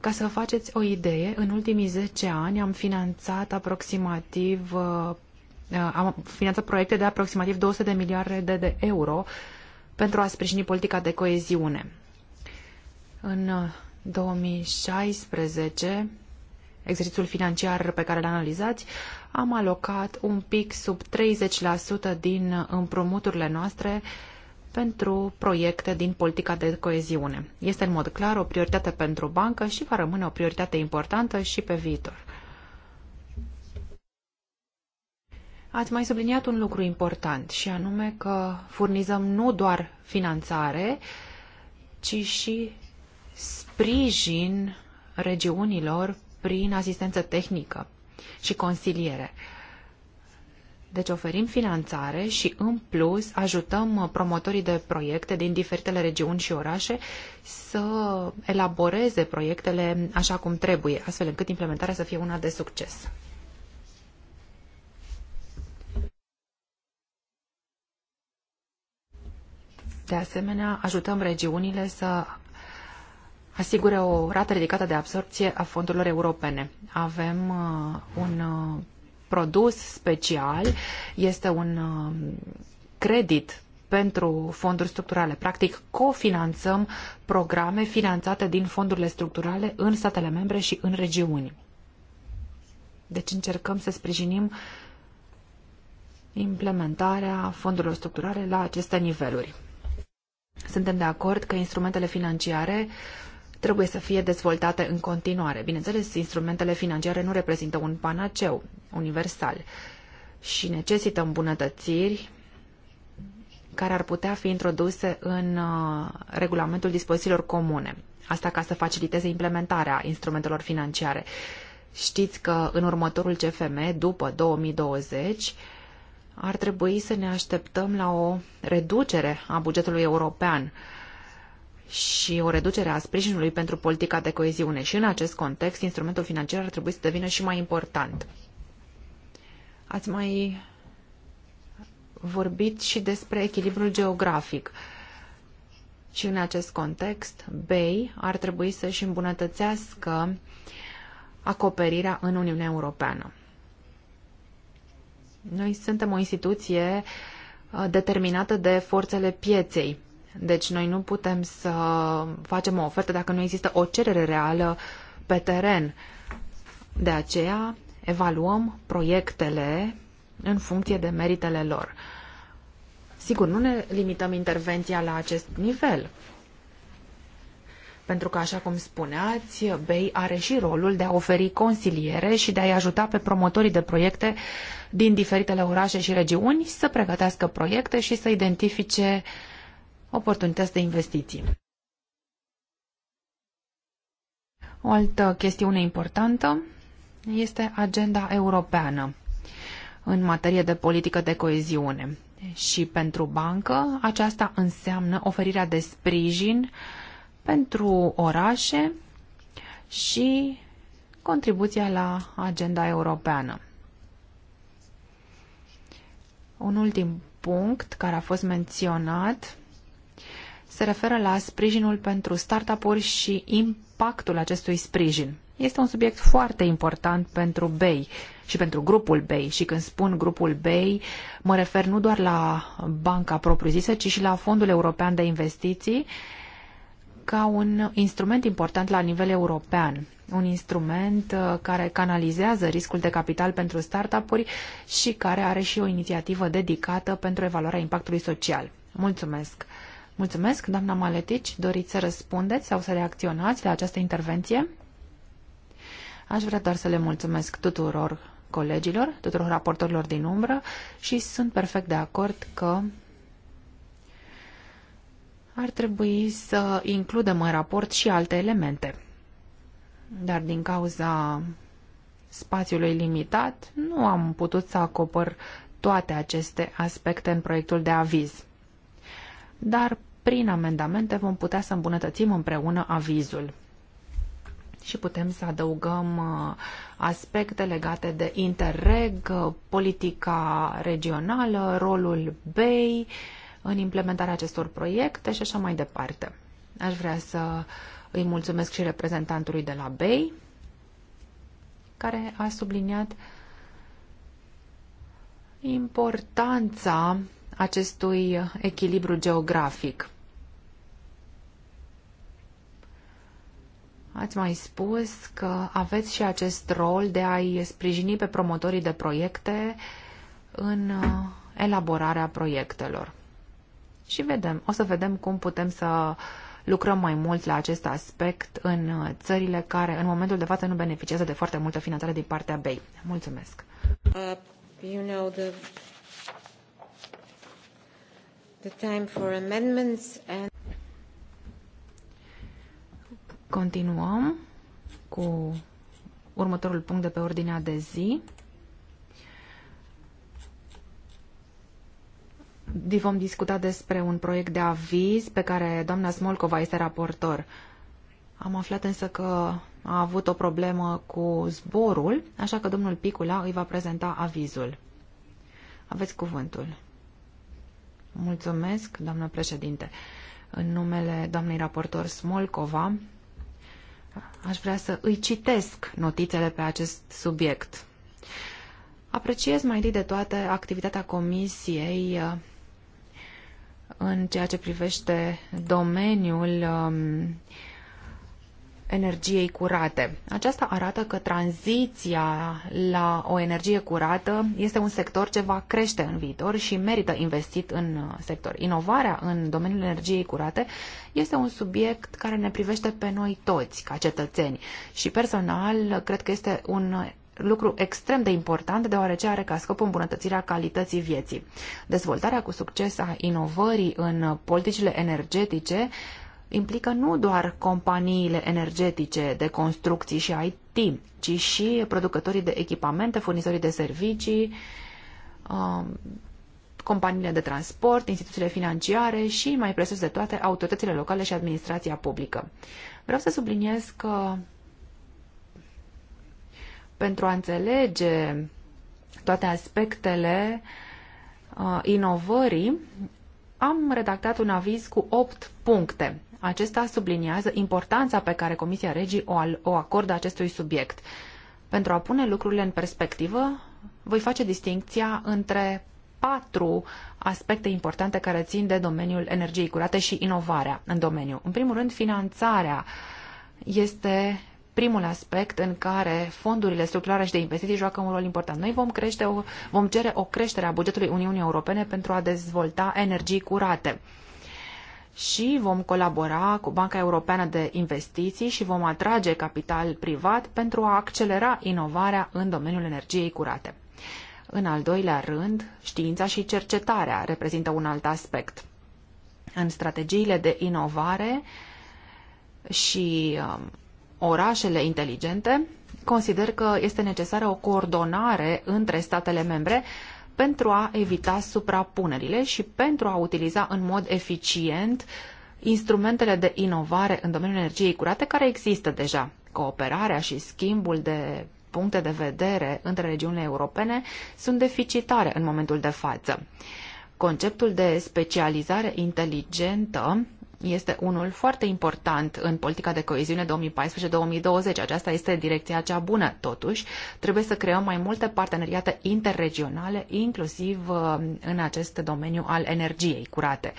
Ca să faceți o idee, în ultimii 10 ani am finanțat aproximativ uh, uh, am finanțat proiecte de aproximativ 200 de miliarde de euro pentru a sprijini politica de coeziune. În 2016 uh, exercițiul financiar pe care l analizați, am alocat un pic sub 30% din împrumuturile noastre pentru proiecte din politica de coeziune. Este în mod clar o prioritate pentru bancă și va rămâne o prioritate importantă și pe viitor. Ați mai subliniat un lucru important și anume că furnizăm nu doar finanțare, ci și sprijin regiunilor prin asistență tehnică și consiliere. Deci oferim finanțare și, în plus, ajutăm promotorii de proiecte din diferitele regiuni și orașe să elaboreze proiectele așa cum trebuie, astfel încât implementarea să fie una de succes. De asemenea, ajutăm regiunile să asigure o rată ridicată de absorpție a fondurilor europene. Avem uh, un uh, produs special, este un uh, credit pentru fonduri structurale. Practic, cofinanțăm programe finanțate din fondurile structurale în statele membre și în regiuni. Deci încercăm să sprijinim implementarea fondurilor structurale la aceste niveluri. Suntem de acord că instrumentele financiare trebuie să fie dezvoltate în continuare. Bineînțeles, instrumentele financiare nu reprezintă un panaceu universal și necesită îmbunătățiri care ar putea fi introduse în uh, regulamentul dispozițiilor comune. Asta ca să faciliteze implementarea instrumentelor financiare. Știți că în următorul CFM, după 2020, ar trebui să ne așteptăm la o reducere a bugetului european și o reducere a sprijinului pentru politica de coeziune. Și în acest context, instrumentul financiar ar trebui să devină și mai important. Ați mai vorbit și despre echilibrul geografic. Și în acest context, BEI ar trebui să-și îmbunătățească acoperirea în Uniunea Europeană. Noi suntem o instituție uh, determinată de forțele pieței deci noi nu putem să facem o ofertă dacă nu există o cerere reală pe teren. De aceea evaluăm proiectele în funcție de meritele lor. Sigur, nu ne limităm intervenția la acest nivel. Pentru că, așa cum spuneați, BEI are și rolul de a oferi consiliere și de a-i ajuta pe promotorii de proiecte din diferitele orașe și regiuni să pregătească proiecte și să identifice uh, oportunități de investiții. O altă chestiune importantă este agenda europeană în materie de politică de coeziune. Și pentru bancă, aceasta înseamnă oferirea de sprijin pentru orașe și contribuția la agenda europeană. Un ultim punct care a fost menționat se referă la sprijinul pentru startup-uri și impactul acestui sprijin. Este un subiect foarte important pentru BEI și pentru grupul BEI și când spun grupul BEI mă refer nu doar la banca propriu-zisă, ci și la Fondul European de Investiții ca un instrument important la nivel european, un instrument uh, care canalizează riscul de capital pentru startup-uri și care are și o inițiativă dedicată pentru evaluarea impactului social. Mulțumesc! Mulțumesc, doamna Maletici. Doriți să răspundeți sau să reacționați la această intervenție? Aș vrea doar să le mulțumesc tuturor colegilor, tuturor raportorilor din umbră și sunt perfect de acord că ar trebui să includem în raport și alte elemente. Dar din cauza spațiului limitat, nu am putut să acopăr toate aceste aspecte în proiectul de aviz dar prin amendamente vom putea să îmbunătățim împreună avizul și putem să adăugăm uh, aspecte legate de Interreg, uh, politica regională, rolul BEI în implementarea acestor proiecte și așa mai departe. Aș vrea să îi mulțumesc și reprezentantului de la BEI, care a subliniat importanța acestui echilibru geografic. Ați mai spus că aveți și acest rol de a-i sprijini pe promotorii de proiecte în uh, elaborarea proiectelor. Și vedem, o să vedem cum putem să lucrăm mai mult la acest aspect în uh, țările care în momentul de față nu beneficiază de foarte multă finanțare din partea BEI. Mulțumesc! Uh, you know the the time for amendments and... Continuăm cu următorul punct de pe ordinea de zi. Vom discuta despre un proiect de aviz pe care doamna Smolcova este raportor. Am aflat însă că a avut o problemă cu zborul, așa că domnul Picula îi va prezenta avizul. Aveți cuvântul. Mulțumesc, doamnă președinte. În numele doamnei raportor Smolcova, aș vrea să îi citesc notițele pe acest subiect. Apreciez mai întâi de toate activitatea Comisiei uh, în ceea ce privește domeniul um, energiei curate. Aceasta arată că tranziția la o energie curată este un sector ce va crește în viitor și merită investit în sector. Inovarea în domeniul energiei curate este un subiect care ne privește pe noi toți ca cetățeni și personal cred că este un lucru extrem de important deoarece are ca scop îmbunătățirea calității vieții. Dezvoltarea cu succes a inovării în politicile energetice implică nu doar companiile energetice de construcții și IT, ci și producătorii de echipamente, furnizorii de servicii, um, companiile de transport, instituțiile financiare și, mai presus de toate, autoritățile locale și administrația publică. Vreau să subliniez că pentru a înțelege toate aspectele uh, inovării, am redactat un aviz cu 8 puncte. Acesta subliniază importanța pe care Comisia Regii o acordă acestui subiect. Pentru a pune lucrurile în perspectivă, voi face distinția între patru aspecte importante care țin de domeniul energiei curate și inovarea în domeniu. În primul rând, finanțarea este primul aspect în care fondurile structurale și de investiții joacă un rol important. Noi vom, crește o, vom cere o creștere a bugetului Uniunii Europene pentru a dezvolta energii curate și vom colabora cu Banca Europeană de Investiții și vom atrage capital privat pentru a accelera inovarea în domeniul energiei curate. În al doilea rând, știința și cercetarea reprezintă un alt aspect. În strategiile de inovare și um, orașele inteligente, consider că este necesară o coordonare între statele membre pentru a evita suprapunerile și pentru a utiliza în mod eficient instrumentele de inovare în domeniul energiei curate care există deja. Cooperarea și schimbul de puncte de vedere între regiunile europene sunt deficitare în momentul de față. Conceptul de specializare inteligentă este unul foarte important în politica de coeziune 2014-2020. Aceasta este direcția cea bună. Totuși, trebuie să creăm mai multe parteneriate interregionale, inclusiv uh, în acest domeniu al energiei curate.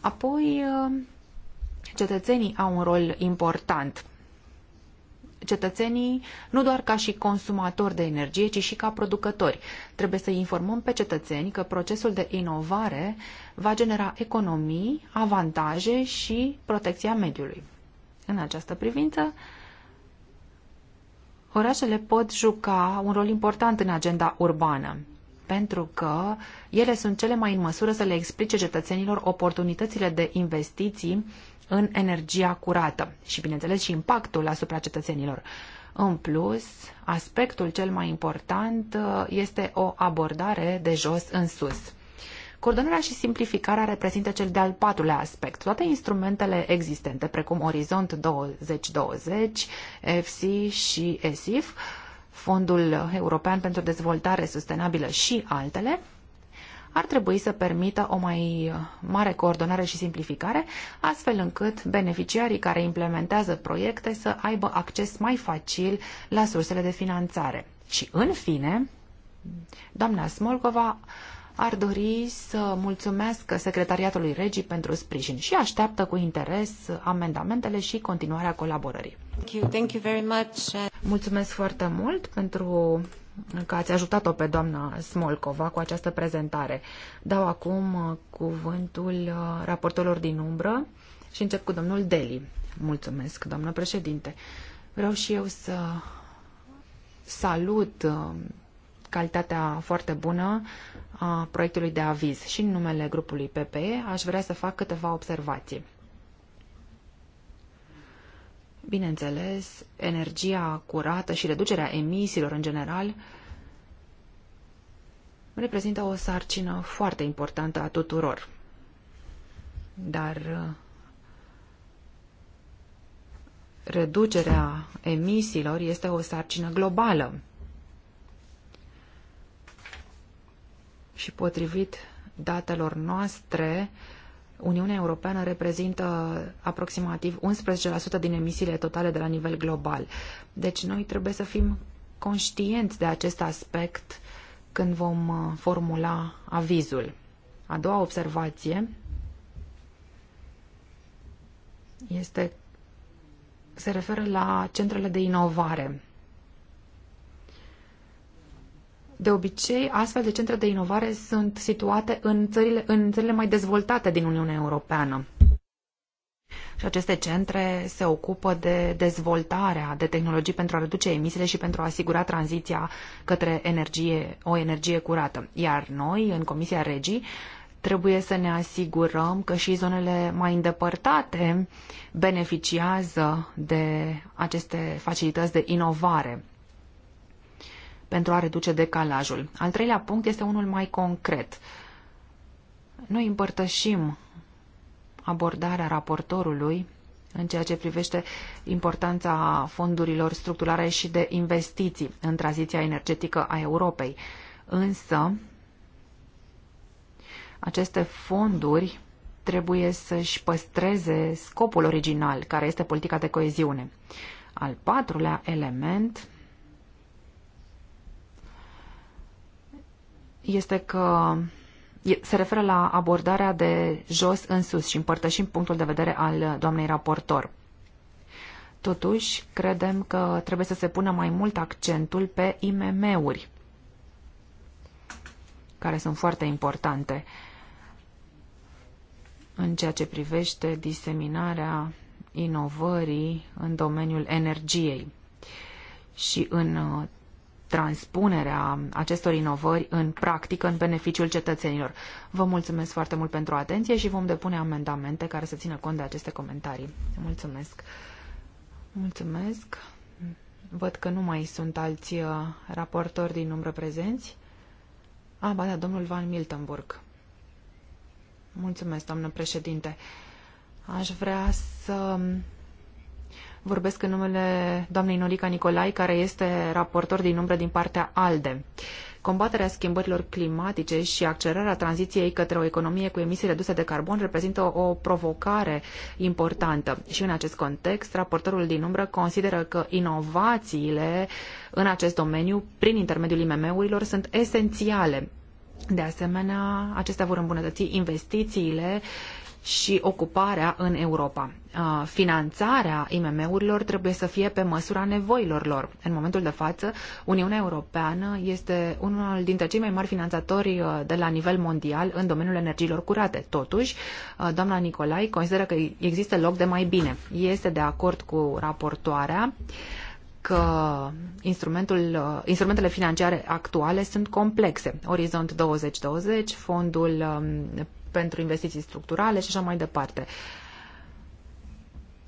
Apoi, uh, cetățenii au un rol important cetățenii nu doar ca și consumatori de energie, ci și ca producători. Trebuie să informăm pe cetățeni că procesul de inovare va genera economii, avantaje și protecția mediului. În această privință, orașele pot juca un rol important în agenda urbană pentru că ele sunt cele mai în măsură să le explice cetățenilor oportunitățile de investiții în energia curată și, bineînțeles, și impactul asupra cetățenilor. În plus, aspectul cel mai important uh, este o abordare de jos în sus. Coordonarea și simplificarea reprezintă cel de-al patrulea aspect. Toate instrumentele existente, precum Orizont 2020, FC și ESIF, Fondul European pentru Dezvoltare Sustenabilă și altele, ar trebui să permită o mai mare coordonare și simplificare, astfel încât beneficiarii care implementează proiecte să aibă acces mai facil la sursele de finanțare. Și în fine, doamna Smolcova ar dori să mulțumesc Secretariatului Regii pentru sprijin și așteaptă cu interes amendamentele și continuarea colaborării. Mulțumesc foarte mult pentru că ați ajutat-o pe doamna Smolcova cu această prezentare. Dau acum uh, cuvântul uh, raportorilor din umbră și încep cu domnul Deli. Mulțumesc, doamnă președinte. Vreau și eu să salut uh, calitatea foarte bună a proiectului de aviz și în numele grupului PPE aș vrea să fac câteva observații. Bineînțeles, energia curată și reducerea emisiilor în general reprezintă o sarcină foarte importantă a tuturor. Dar uh, reducerea emisiilor este o sarcină globală. Și potrivit datelor noastre, Uniunea Europeană reprezintă aproximativ 11% din emisiile totale de la nivel global. Deci noi trebuie să fim conștienți de acest aspect când vom uh, formula avizul. A doua observație este se referă la centrele de inovare. De obicei, astfel de centre de inovare sunt situate în țările, în țările mai dezvoltate din Uniunea Europeană. Și aceste centre se ocupă de dezvoltarea de tehnologii pentru a reduce emisiile și pentru a asigura tranziția către energie, o energie curată. Iar noi, în Comisia Regii, trebuie să ne asigurăm că și zonele mai îndepărtate beneficiază de aceste facilități de inovare pentru a reduce decalajul. Al treilea punct este unul mai concret. Noi împărtășim abordarea raportorului în ceea ce privește importanța fondurilor structurale și de investiții în tranziția energetică a Europei. Însă, aceste fonduri trebuie să-și păstreze scopul original, care este politica de coeziune. Al patrulea element este că se referă la abordarea de jos în sus și împărtășim punctul de vedere al doamnei raportor. Totuși, credem că trebuie să se pună mai mult accentul pe IMM-uri, care sunt foarte importante în ceea ce privește diseminarea inovării în domeniul energiei și în uh, transpunerea acestor inovări în practică în beneficiul cetățenilor. Vă mulțumesc foarte mult pentru atenție și vom depune amendamente care să țină cont de aceste comentarii. Mulțumesc! Mulțumesc! Văd că nu mai sunt alți uh, raportori din umbră prezenți. A, ba da, domnul Van Miltenburg. Mulțumesc, doamnă președinte. Aș vrea să Vorbesc în numele doamnei Norica Nicolai, care este raportor din umbră din partea ALDE. Combaterea schimbărilor climatice și accelerarea tranziției către o economie cu emisii reduse de carbon reprezintă o provocare importantă. Și în acest context, raportorul din umbră consideră că inovațiile în acest domeniu, prin intermediul IMM-urilor, sunt esențiale de asemenea, acestea vor îmbunătăți investițiile și ocuparea în Europa. Uh, finanțarea IMM-urilor trebuie să fie pe măsura nevoilor lor. În momentul de față, Uniunea Europeană este unul dintre cei mai mari finanțatori uh, de la nivel mondial în domeniul energiilor curate. Totuși, uh, doamna Nicolai consideră că există loc de mai bine. Este de acord cu raportoarea că instrumentul, instrumentele financiare actuale sunt complexe. Orizont 2020, fondul um, pentru investiții structurale și așa mai departe.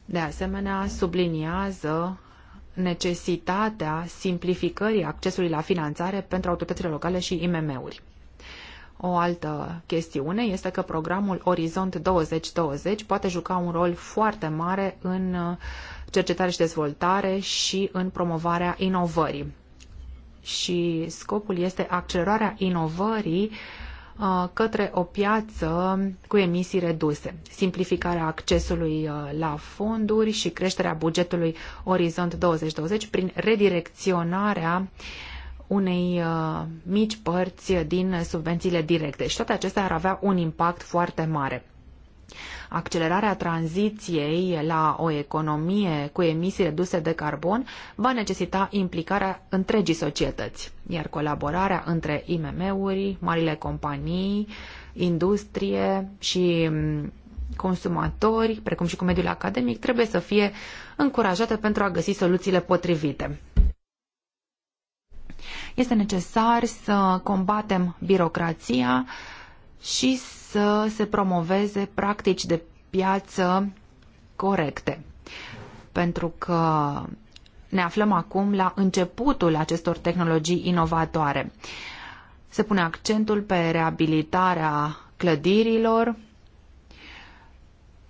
De asemenea, subliniază necesitatea simplificării accesului la finanțare pentru autoritățile locale și IMM-uri. O altă chestiune este că programul Orizont 2020 poate juca un rol foarte mare în cercetare și dezvoltare și în promovarea inovării. Și scopul este accelerarea inovării uh, Uh, către o piață cu emisii reduse, simplificarea accesului uh, la fonduri și creșterea bugetului Orizont 2020 prin redirecționarea unei uh, mici părți din subvențiile directe. Și toate acestea ar avea un impact foarte mare. Accelerarea tranziției la o economie cu emisii reduse de carbon va necesita implicarea întregii societăți, iar colaborarea între IMM-uri, marile companii, industrie și mm, consumatori, precum și cu mediul academic, trebuie să fie încurajată pentru a găsi soluțiile potrivite. Este necesar să combatem birocrația, și să se promoveze practici de piață corecte. Pentru că ne aflăm acum la începutul acestor tehnologii inovatoare. Se pune accentul pe reabilitarea clădirilor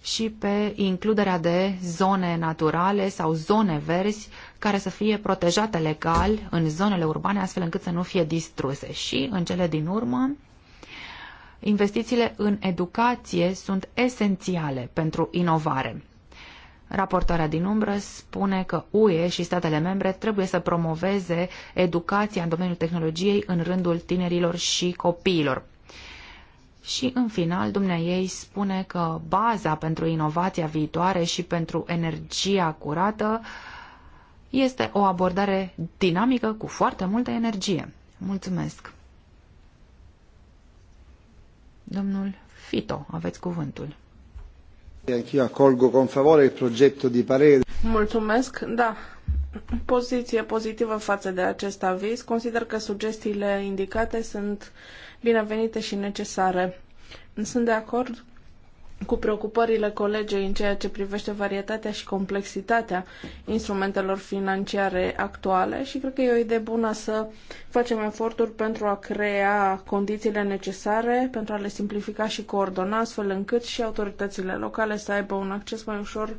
și pe includerea de zone naturale sau zone verzi care să fie protejate legal în zonele urbane astfel încât să nu fie distruse. Și, în cele din urmă, Investițiile în educație sunt esențiale pentru inovare. Raportoarea din umbră spune că UE și statele membre trebuie să promoveze educația în domeniul tehnologiei în rândul tinerilor și copiilor. Și în final, ei spune că baza pentru inovația viitoare și pentru energia curată este o abordare dinamică cu foarte multă energie. Mulțumesc! Domnul Fito, aveți cuvântul. Anch'io accolgo con favore il progetto di parere. Mulțumesc, da. Poziție pozitivă față de acest aviz. Consider că sugestiile indicate sunt binevenite și necesare. Sunt de acord cu preocupările colegei în ceea ce privește varietatea și complexitatea instrumentelor financiare actuale și cred că e o idee bună să facem eforturi pentru a crea condițiile necesare, pentru a le simplifica și coordona, astfel încât și autoritățile locale să aibă un acces mai ușor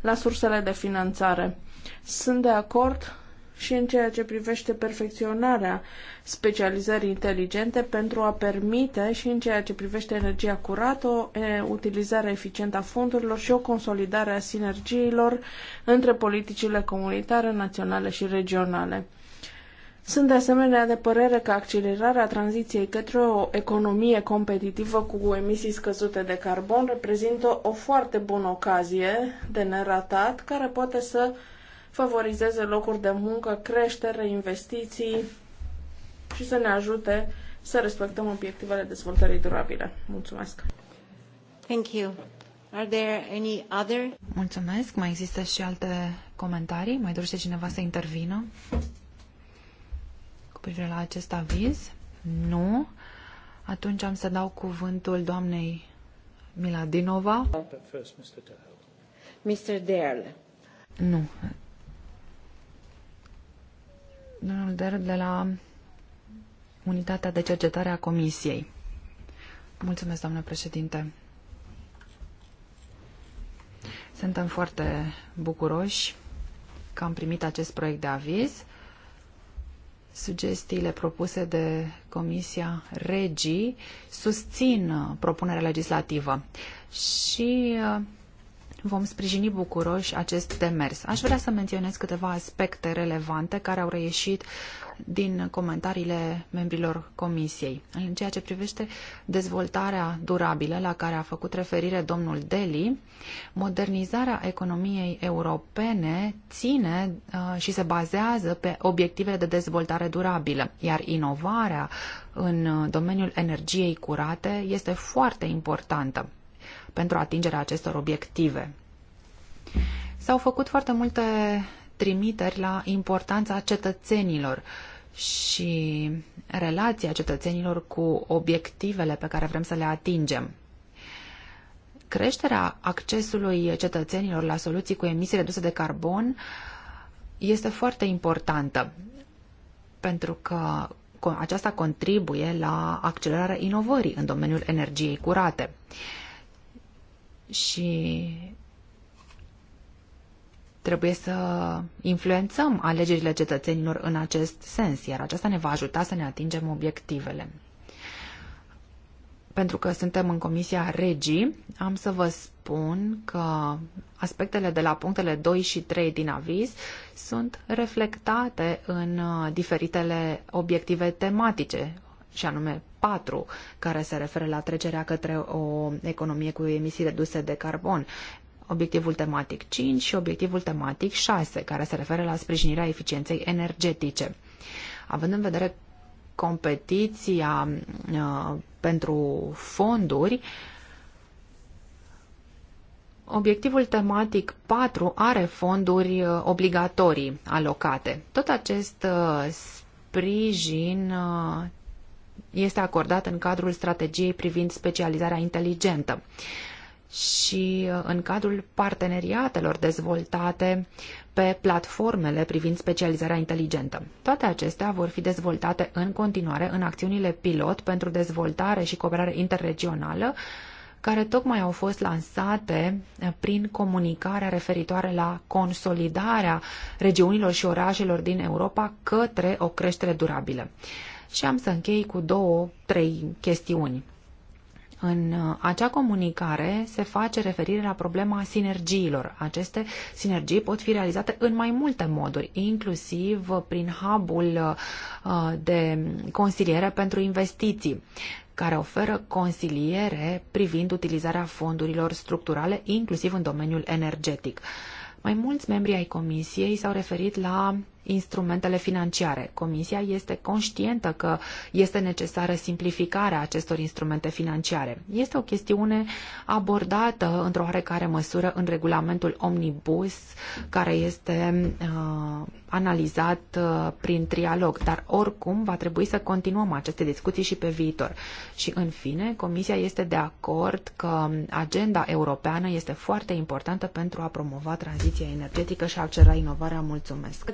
la sursele de finanțare. Sunt de acord și în ceea ce privește perfecționarea specializării inteligente pentru a permite și în ceea ce privește energia curată, o utilizare eficientă a fondurilor și o consolidare a sinergiilor între politicile comunitare, naționale și regionale. Sunt de asemenea de părere că accelerarea tranziției către o economie competitivă cu emisii scăzute de carbon reprezintă o foarte bună ocazie de neratat care poate să favorizeze locuri de muncă, creștere, investiții și să ne ajute să respectăm obiectivele dezvoltării durabile. Mulțumesc! Thank you. Are there any other? Mulțumesc. Mai există și alte comentarii? Mai dorește cineva să intervină cu privire la acest aviz? Nu. Atunci am să dau cuvântul doamnei Miladinova. Mr. Derle. Nu domnul Der de la Unitatea de Cercetare a Comisiei. Mulțumesc, doamnă președinte. Suntem foarte bucuroși că am primit acest proiect de aviz. Sugestiile propuse de Comisia Regii susțin propunerea legislativă și uh, vom sprijini bucuroși acest demers. Aș vrea să menționez câteva aspecte relevante care au reieșit din comentariile membrilor comisiei. În ceea ce privește dezvoltarea durabilă la care a făcut referire domnul Deli, modernizarea economiei europene ține uh, și se bazează pe obiectivele de dezvoltare durabilă, iar inovarea în domeniul energiei curate este foarte importantă pentru atingerea acestor obiective. S-au făcut foarte multe trimiteri la importanța cetățenilor și relația cetățenilor cu obiectivele pe care vrem să le atingem. Creșterea accesului cetățenilor la soluții cu emisii reduse de carbon este foarte importantă pentru că aceasta contribuie la accelerarea inovării în domeniul energiei curate. Uh, și trebuie să influențăm alegerile cetățenilor în acest sens, iar aceasta ne va ajuta să ne atingem obiectivele. Pentru că suntem în Comisia Regii, am să vă spun că aspectele de la punctele 2 și 3 din aviz sunt reflectate în diferitele obiective tematice, și anume 4, care se referă la trecerea către o economie cu emisii reduse de carbon, obiectivul tematic 5 și obiectivul tematic 6, care se referă la sprijinirea eficienței energetice. Având în vedere competiția uh, pentru fonduri, Obiectivul tematic 4 are fonduri uh, obligatorii alocate. Tot acest uh, sprijin uh, este acordat în cadrul strategiei privind specializarea inteligentă și uh, în cadrul parteneriatelor dezvoltate pe platformele privind specializarea inteligentă. Toate acestea vor fi dezvoltate în continuare în acțiunile pilot pentru dezvoltare și cooperare interregională, care tocmai au fost lansate uh, prin comunicarea referitoare la consolidarea regiunilor și orașelor din Europa către o creștere durabilă și am să închei cu două, trei chestiuni. În uh, acea comunicare se face referire la problema sinergiilor. Aceste sinergii pot fi realizate în mai multe moduri, inclusiv prin hubul uh, de consiliere pentru investiții care oferă consiliere privind utilizarea fondurilor structurale, inclusiv în domeniul energetic. Mai mulți membri ai Comisiei s-au referit la instrumentele financiare. Comisia este conștientă că este necesară simplificarea acestor instrumente financiare. Este o chestiune abordată într-o oarecare măsură în regulamentul Omnibus, care este uh, analizat uh, prin trialog, dar oricum va trebui să continuăm aceste discuții și pe viitor. Și în fine, Comisia este de acord că agenda europeană este foarte importantă pentru a promova tranziția energetică și a accelera inovarea. Mulțumesc!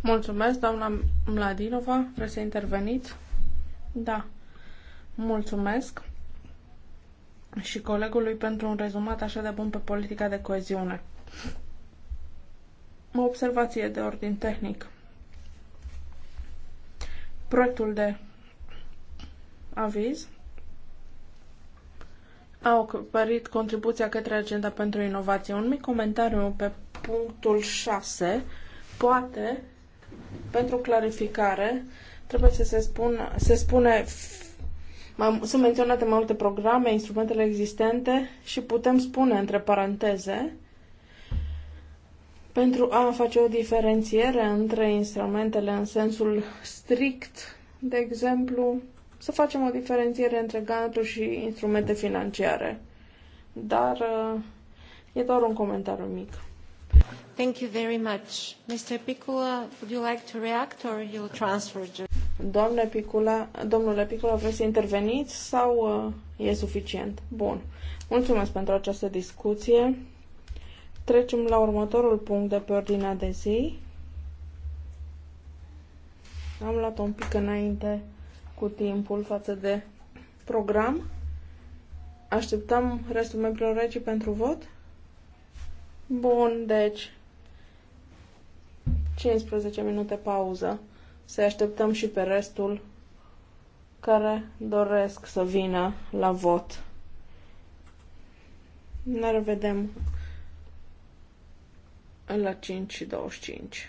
Mulțumesc, doamna Mladinova, vreți să interveniți? Da, mulțumesc și colegului pentru un rezumat așa de bun pe politica de coeziune. O observație de ordin tehnic. Proiectul de aviz a ocupărit contribuția către agenda pentru inovație. Un mic comentariu pe punctul 6. Poate, pentru clarificare, trebuie să se, spună se spune sunt menționate mai multe programe, instrumentele existente și putem spune între paranteze pentru a face o diferențiere între instrumentele în sensul strict, de exemplu, să facem o diferențiere între granturi și instrumente financiare. Dar uh, e doar un comentariu mic. Thank you very much. Mr. Picula, would you like to react or you'll transfer just... Doamne Picula, domnule Picula, vreți să interveniți sau uh, e suficient? Bun. Mulțumesc pentru această discuție. Trecem la următorul punct de pe ordinea de zi. Am luat un pic înainte cu timpul față de program. Așteptăm restul membrilor regi pentru vot. Bun, deci 15 minute pauză. Să așteptăm și pe restul care doresc să vină la vot. Ne revedem la 5 și 25.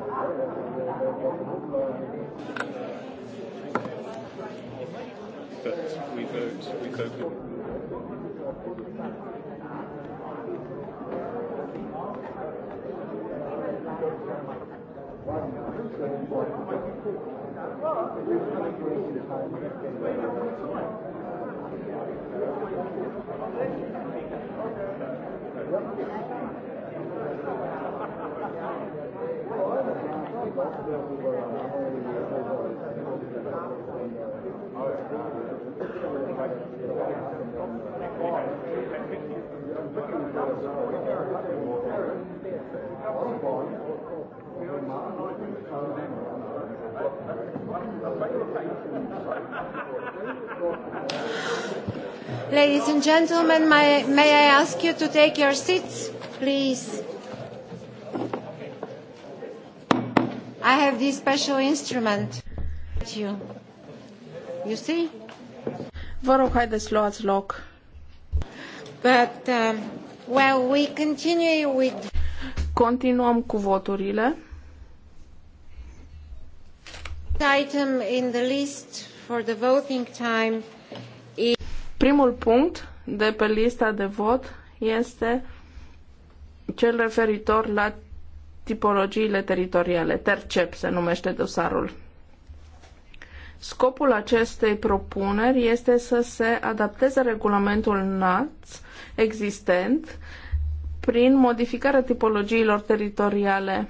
But we vote, we vote. Thank you. Ladies and gentlemen, may, may I ask you to take your seats, please? I have this special instrument. You. You see? Vă rog, haideți, luați loc. But, um, well, we continue with... Continuăm cu voturile. Item in the list for the voting time is... Primul punct de pe lista de vot este cel referitor la tipologiile teritoriale. TERCEP se numește dosarul. Scopul acestei propuneri este să se adapteze regulamentul NATS existent prin modificarea tipologiilor teritoriale.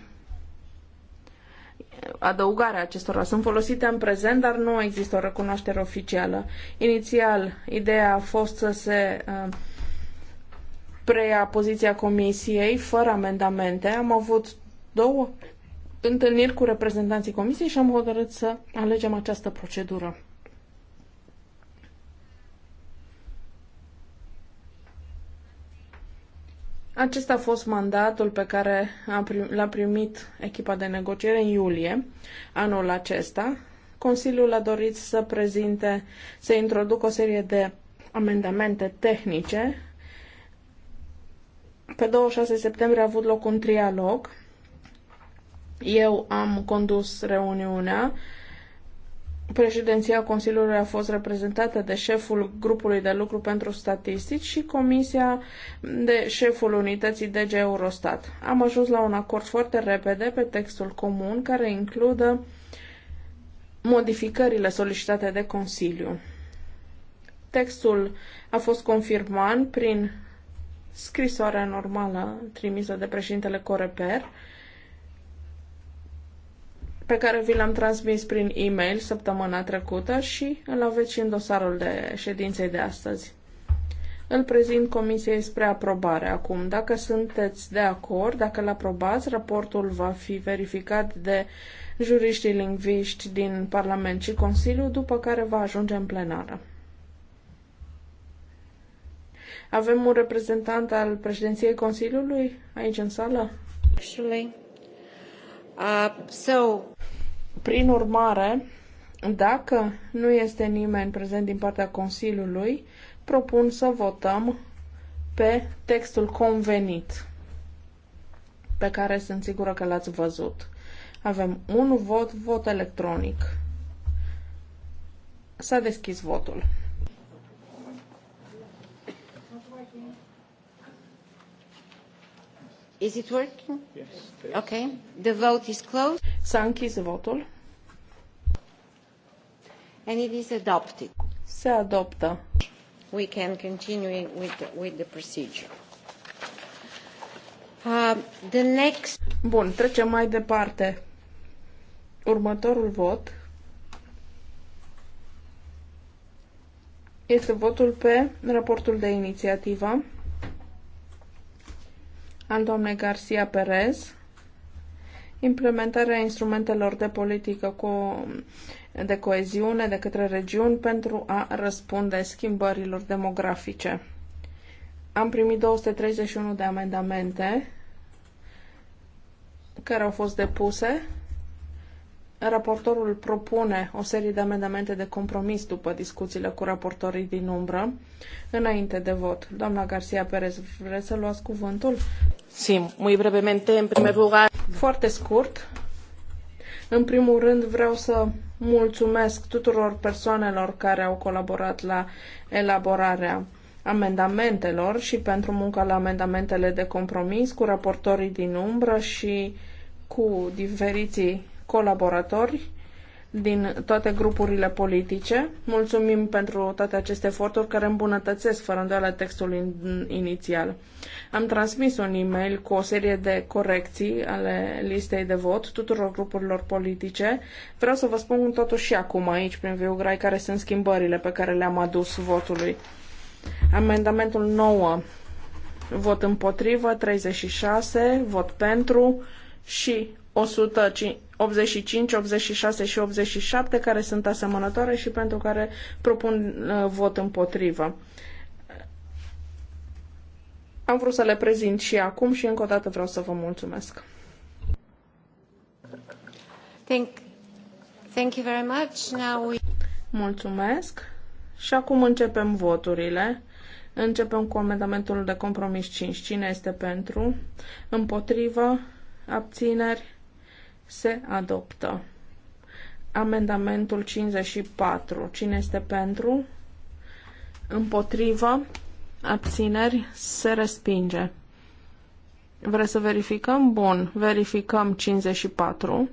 Adăugarea acestora sunt folosite în prezent, dar nu există o recunoaștere oficială. Inițial, ideea a fost să se uh, preia poziția comisiei fără amendamente. Am avut două întâlniri cu reprezentanții comisiei și am hotărât să alegem această procedură. Acesta a fost mandatul pe care l-a primit echipa de negociere în iulie anul acesta. Consiliul a dorit să prezinte, să introducă o serie de amendamente tehnice. Pe 26 septembrie a avut loc un trialog eu am condus reuniunea. Președinția Consiliului a fost reprezentată de șeful grupului de lucru pentru statistici și comisia de șeful unității DG Eurostat. Am ajuns la un acord foarte repede pe textul comun care includă modificările solicitate de Consiliu. Textul a fost confirmat prin scrisoarea normală trimisă de președintele Coreper pe care vi l-am transmis prin e-mail săptămâna trecută și îl aveți și în dosarul de ședinței de astăzi. Îl prezint Comisiei spre aprobare acum. Dacă sunteți de acord, dacă îl aprobați, raportul va fi verificat de juriștii lingviști din Parlament și Consiliu, după care va ajunge în plenară. Avem un reprezentant al președinției Consiliului aici în sală? Actually. Uh, so... Prin urmare, dacă nu este nimeni prezent din partea Consiliului, propun să votăm pe textul convenit, pe care sunt sigură că l-ați văzut. Avem un vot, vot electronic. S-a deschis votul. Is it working? Yes. Okay. The vote is closed. S-a închis votul. And it is adopted. Se adoptă. We can continue with the, with the procedure. Uh, the next... Bun, trecem mai departe. Următorul vot este votul pe raportul de inițiativă al doamnei Garcia Perez, implementarea instrumentelor de politică cu, de coeziune de către regiuni pentru a răspunde schimbărilor demografice. Am primit 231 de amendamente care au fost depuse Raportorul propune o serie de amendamente de compromis după discuțiile cu raportorii din umbră, înainte de vot. Doamna Garcia Perez, vreți să luați cuvântul? Sí, muy brevemente, în primul lugar. Foarte scurt. În primul rând vreau să mulțumesc tuturor persoanelor care au colaborat la elaborarea amendamentelor și pentru munca la amendamentele de compromis cu raportorii din umbră și cu diferiții colaboratori din toate grupurile politice. Mulțumim pentru toate aceste eforturi care îmbunătățesc fără îndoială textul in, inițial. Am transmis un e-mail cu o serie de corecții ale listei de vot tuturor grupurilor politice. Vreau să vă spun totuși și acum aici, prin viu grai, care sunt schimbările pe care le-am adus votului. Amendamentul 9, vot împotrivă, 36, vot pentru și 185, 86 și 87 care sunt asemănătoare și pentru care propun uh, vot împotrivă. Am vrut să le prezint și acum și încă o dată vreau să vă mulțumesc. Thank, thank you very much. Now we... Mulțumesc. Și acum începem voturile. Începem cu amendamentul de compromis 5. Cine este pentru? Împotrivă? Abțineri? Se adoptă. Amendamentul 54. Cine este pentru? Împotrivă? Abțineri? Se respinge. Vreți să verificăm? Bun. Verificăm 54.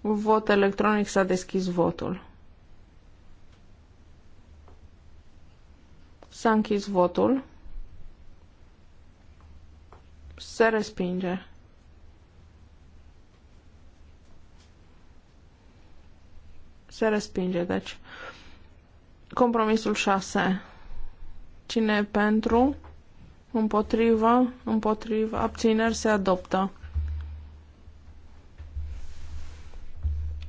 Vot electronic s-a deschis votul. S-a închis votul. Se respinge. Se respinge, deci. Compromisul 6. Cine e pentru? împotrivă, împotrivă, Abțineri se adoptă.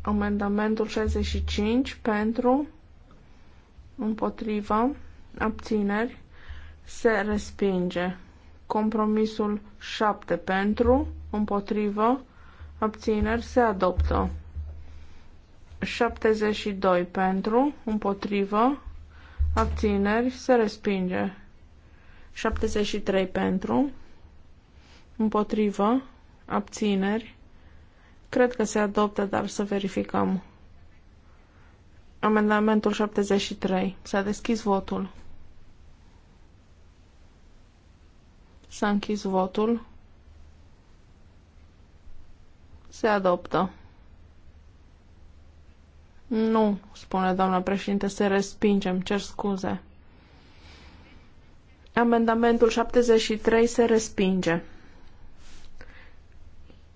Amendamentul 65 pentru, împotrivă, abțineri, se respinge. Compromisul 7 pentru, împotrivă, abțineri, se adoptă. 72 pentru, împotrivă, abțineri, se respinge. 73 pentru, împotrivă, abțineri. Cred că se adoptă, dar să verificăm. Amendamentul 73. S-a deschis votul. S-a închis votul. Se adoptă. Nu, spune doamna președinte, se respinge, cer scuze. Amendamentul 73 se respinge.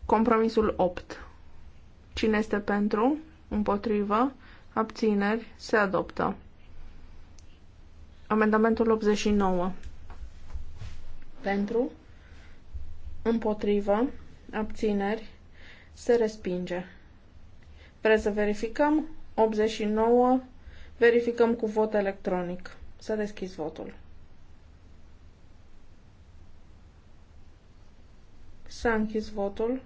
Compromisul 8. Cine este pentru? Împotrivă? Abțineri? Se adoptă. Amendamentul 89. Pentru? Împotrivă? Abțineri? Se respinge. Vreți să verificăm? 89. Verificăm cu vot electronic. Să deschis votul. S-a închis votul.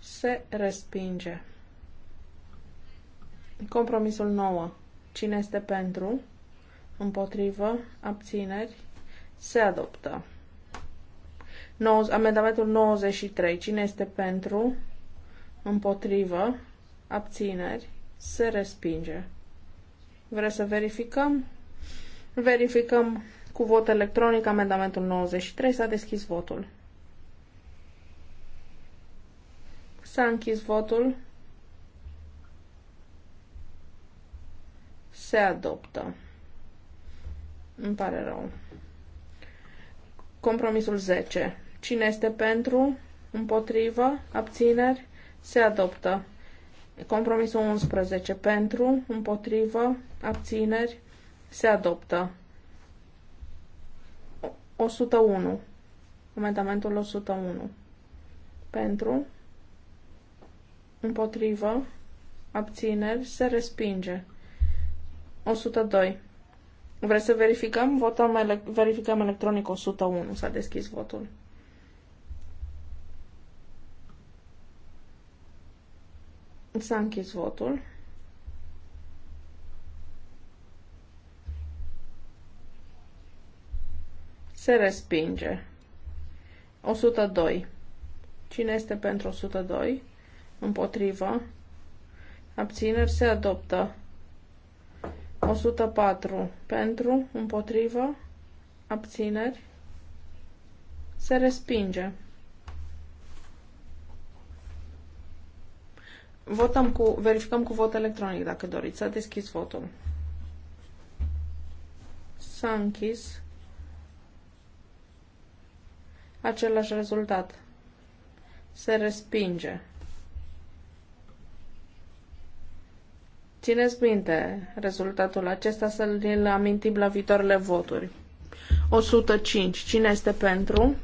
Se respinge. Compromisul 9. Cine este pentru? Împotrivă? Abțineri? Se adoptă. amendamentul 93. Cine este pentru? împotrivă, abțineri, se respinge. Vreți să verificăm? Verificăm cu vot electronic amendamentul 93. S-a deschis votul. S-a închis votul. Se adoptă. Îmi pare rău. Compromisul 10. Cine este pentru? Împotrivă? Abțineri? se adoptă. Compromisul 11 pentru, împotrivă, abțineri, se adoptă. 101. Amendamentul 101. Pentru, împotrivă, abțineri, se respinge. 102. Vreți să verificăm? Votăm ele- verificăm electronic 101. S-a deschis votul. S-a închis votul. Se respinge. 102. Cine este pentru 102? Împotrivă. Abțineri se adoptă. 104. Pentru, împotrivă, abțineri. Se respinge. Votăm cu, verificăm cu vot electronic dacă doriți. S-a deschis votul. S-a închis. Același rezultat. Se respinge. Țineți minte rezultatul acesta să-l amintim la viitoarele voturi. 105. Cine este pentru?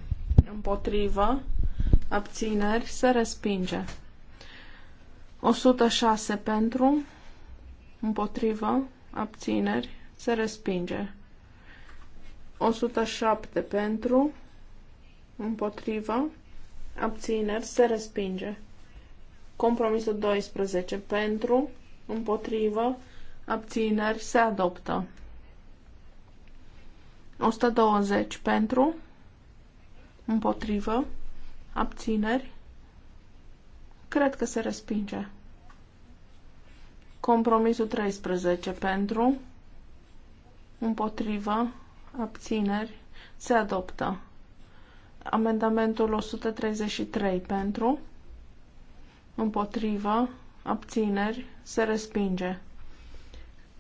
Împotrivă? Abțineri? Se respinge. 106 pentru, împotrivă, abțineri, se respinge. 107 pentru, împotrivă, abțineri, se respinge. Compromisul 12 pentru, împotrivă, abțineri, se adoptă. 120 pentru, împotrivă, abțineri, Cred că se respinge. Compromisul 13 pentru, împotrivă, abțineri, se adoptă. Amendamentul 133 pentru, împotrivă, abțineri, se respinge.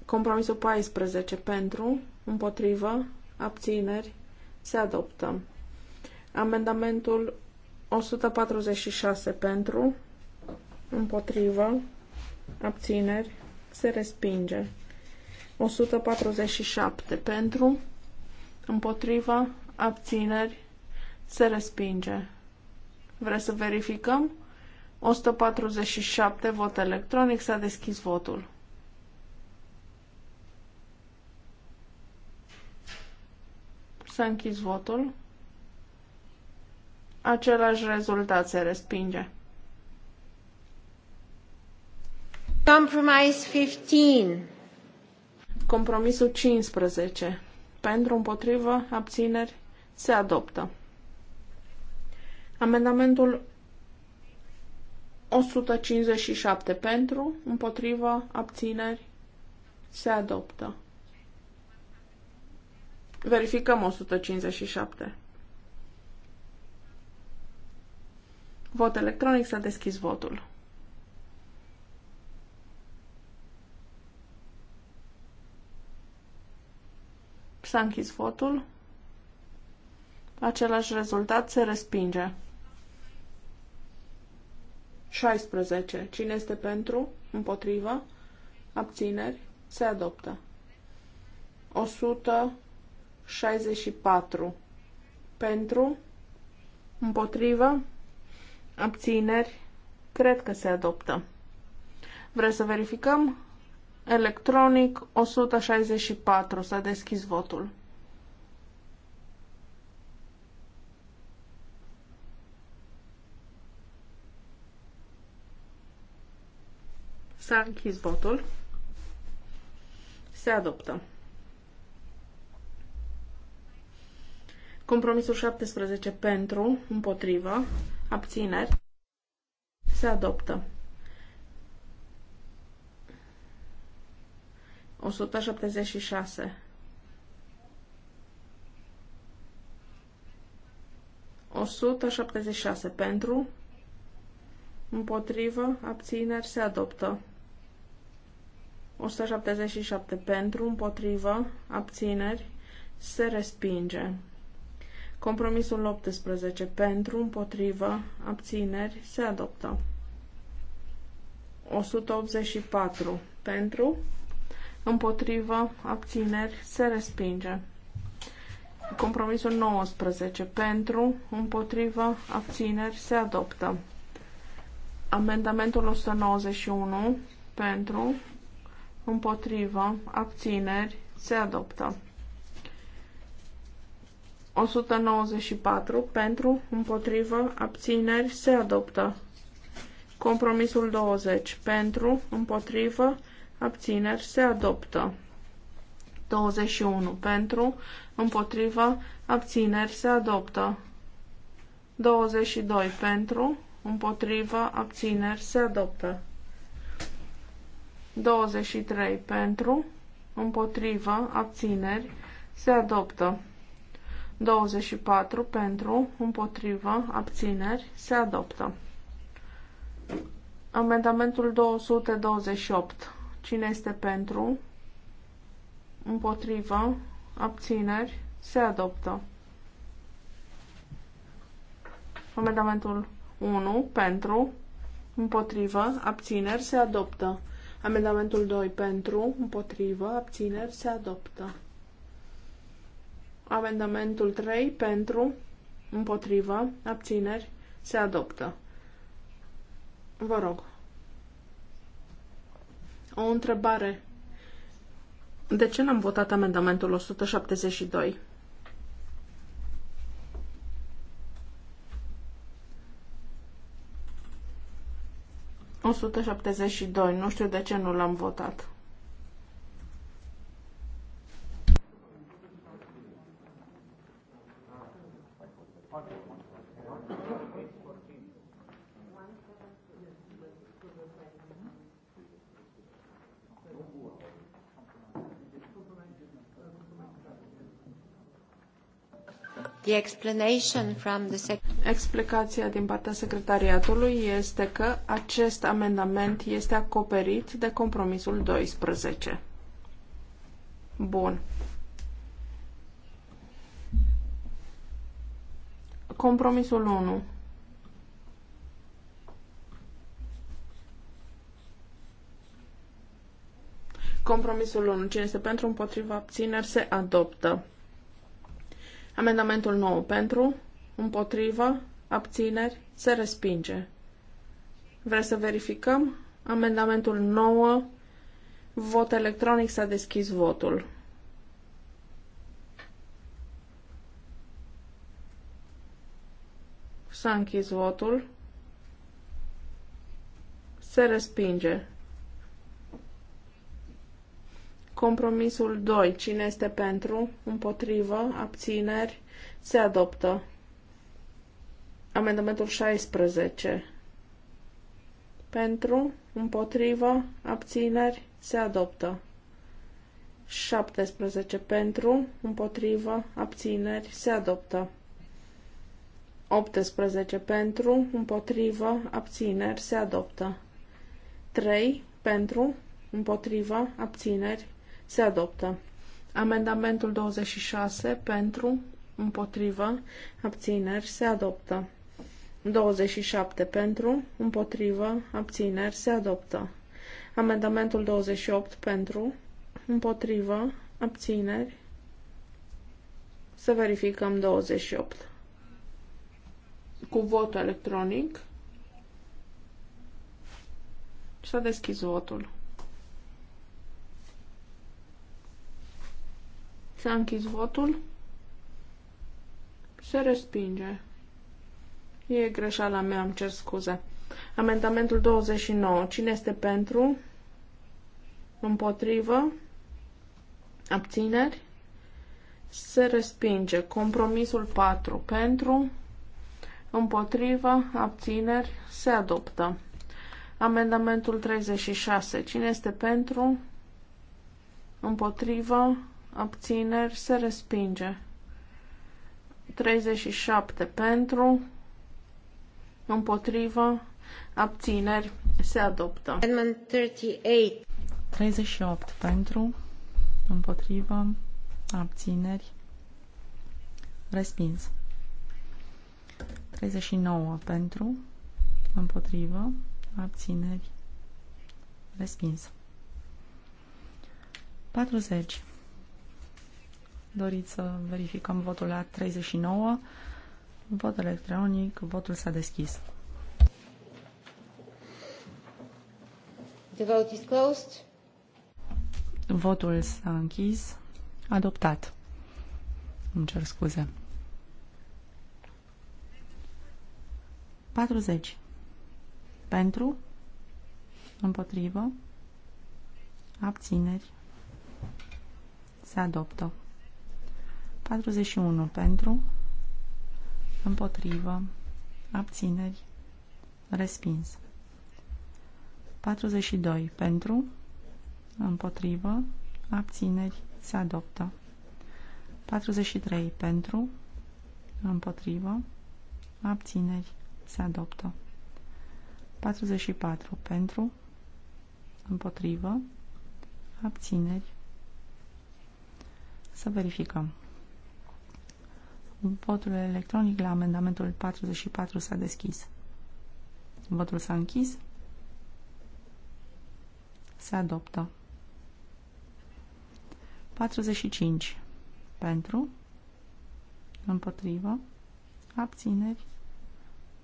Compromisul 14 pentru, împotrivă, abțineri, se adoptă. Amendamentul 146 pentru, împotrivă, abțineri, se respinge. 147 pentru, împotriva, abțineri, se respinge. Vreți să verificăm? 147 vot electronic, s-a deschis votul. S-a închis votul. Același rezultat se respinge. Compromise 15. Compromisul 15. Pentru, împotrivă, abțineri, se adoptă. Amendamentul 157 pentru, împotrivă, abțineri, se adoptă. Verificăm 157. Vot electronic s-a deschis votul. S-a închis votul. Același rezultat se respinge. 16. Cine este pentru? Împotrivă? Abțineri? Se adoptă. 164. Pentru? Împotrivă? Abțineri? Cred că se adoptă. Vreți să verificăm? Electronic 164. S-a deschis votul. S-a închis votul. Se adoptă. Compromisul 17 pentru, împotrivă, abțineri, se adoptă. 176. 176 pentru, împotrivă, abțineri se adoptă. 177 pentru, împotrivă, abțineri se respinge. Compromisul 18 pentru, împotrivă, abțineri se adoptă. 184 pentru, împotrivă, abțineri, se respinge. Compromisul 19 pentru, împotrivă, abțineri, se adoptă. Amendamentul 191 pentru, împotrivă, abțineri, se adoptă. 194 pentru, împotrivă, abțineri, se adoptă. Compromisul 20 pentru, împotrivă, abțineri, se adoptă. 21 pentru, împotriva, abțineri, se adoptă. 22 pentru, împotriva, abțineri, se adoptă. 23 pentru, împotriva, abțineri, se adoptă. 24 pentru, împotrivă, abțineri, se adoptă. Amendamentul 228 Cine este pentru? Împotrivă? Abțineri? Se adoptă. Amendamentul 1 pentru, împotrivă, abțineri se adoptă. Amendamentul 2 pentru, împotrivă, abțineri se adoptă. Amendamentul 3 pentru, împotrivă, abțineri se adoptă. Vă rog. O întrebare. De ce n-am votat amendamentul 172? ...172. Nu știu de ce nu l-am votat. The explanation from the Explicația din partea secretariatului este că acest amendament este acoperit de compromisul 12. Bun. Compromisul 1. Compromisul 1. Cine este pentru împotriva abțineri se adoptă. Amendamentul 9 pentru, împotrivă, abțineri, se respinge. Vreți să verificăm? Amendamentul 9, vot electronic, s-a deschis votul. S-a închis votul. Se respinge. Compromisul 2. Cine este pentru? Împotrivă? Abțineri? Se adoptă. Amendamentul 16. Pentru? Împotrivă? Abțineri? Se adoptă. 17. Pentru? Împotrivă? Abțineri? Se adoptă. 18. Pentru? Împotrivă? Abțineri? Se adoptă. 3. Pentru? Împotrivă? Abțineri? Se adoptă. Amendamentul 26 pentru, împotrivă, abțineri, se adoptă. 27 pentru, împotrivă, abțineri, se adoptă. Amendamentul 28 pentru, împotrivă, abțineri. Să verificăm 28. Cu votul electronic. S-a deschis votul. Se a închis votul. Se respinge. E greșeala mea, îmi cer scuze. Amendamentul 29. Cine este pentru? Împotrivă? Abțineri? Se respinge. Compromisul 4. Pentru? Împotrivă? Abțineri? Se adoptă. Amendamentul 36. Cine este pentru? Împotrivă? abțineri, se respinge. 37 pentru, împotrivă, abțineri, se adoptă. 38. 38 pentru, împotrivă, abțineri, respins. 39 pentru, împotrivă, abțineri, respins. 40 Doriți să verificăm votul la 39. Vot electronic, votul s-a deschis. The vote is closed. Votul s-a închis. Adoptat. Îmi cer scuze. 40. Pentru. Împotrivă. Abțineri. Se adoptă. 41 pentru, împotrivă, abțineri, respins. 42 pentru, împotrivă, abțineri, se adoptă. 43 pentru, împotrivă, abțineri, se adoptă. 44 pentru, împotrivă, abțineri. Să verificăm. Votul electronic la amendamentul 44 s-a deschis. Votul s-a închis. Se adoptă. 45 pentru, împotrivă, abțineri,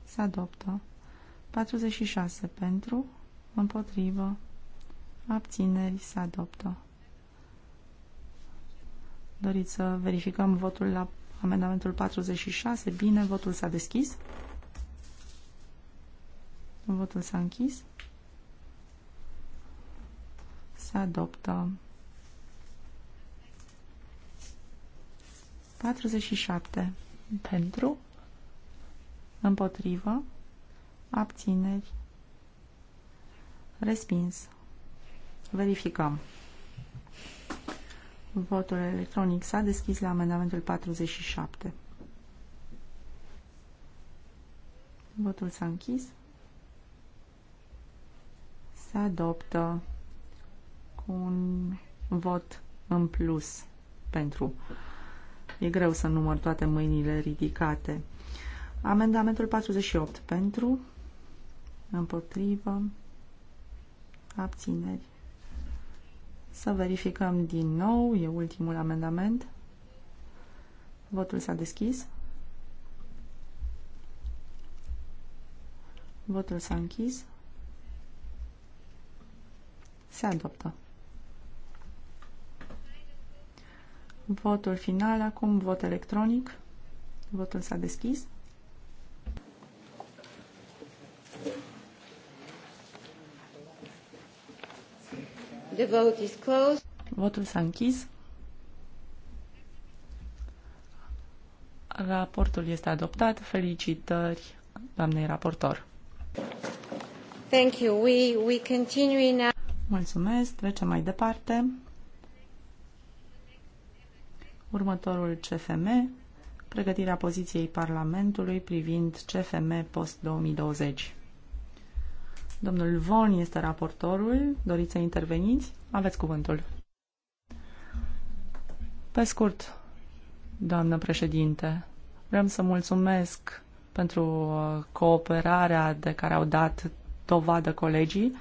se adoptă. 46 pentru, împotrivă, abțineri, se adoptă. Doriți să verificăm votul la Amendamentul 46. Bine, votul s-a deschis. Votul s-a închis. Se adoptă. 47. Pentru. Împotrivă. Abțineri. Respins. Verificăm. Votul electronic s-a deschis la amendamentul 47. Votul s-a închis. Se adoptă cu un vot în plus pentru. E greu să număr toate mâinile ridicate. Amendamentul 48 pentru, împotrivă, abțineri să verificăm din nou, e ultimul amendament. Votul s-a deschis. Votul s-a închis. Se adoptă. Votul final, acum vot electronic. Votul s-a deschis. The vote is closed. Votul s-a închis. Raportul este adoptat. Felicitări, doamnei raportor. Thank you. We, we continue now. Mulțumesc. Trecem mai departe. Următorul CFM, pregătirea poziției Parlamentului privind CFM post-2020. Domnul Von este raportorul. Doriți să interveniți? Aveți cuvântul. Pe scurt, doamnă președinte, vreau să mulțumesc pentru uh, cooperarea de care au dat dovadă colegii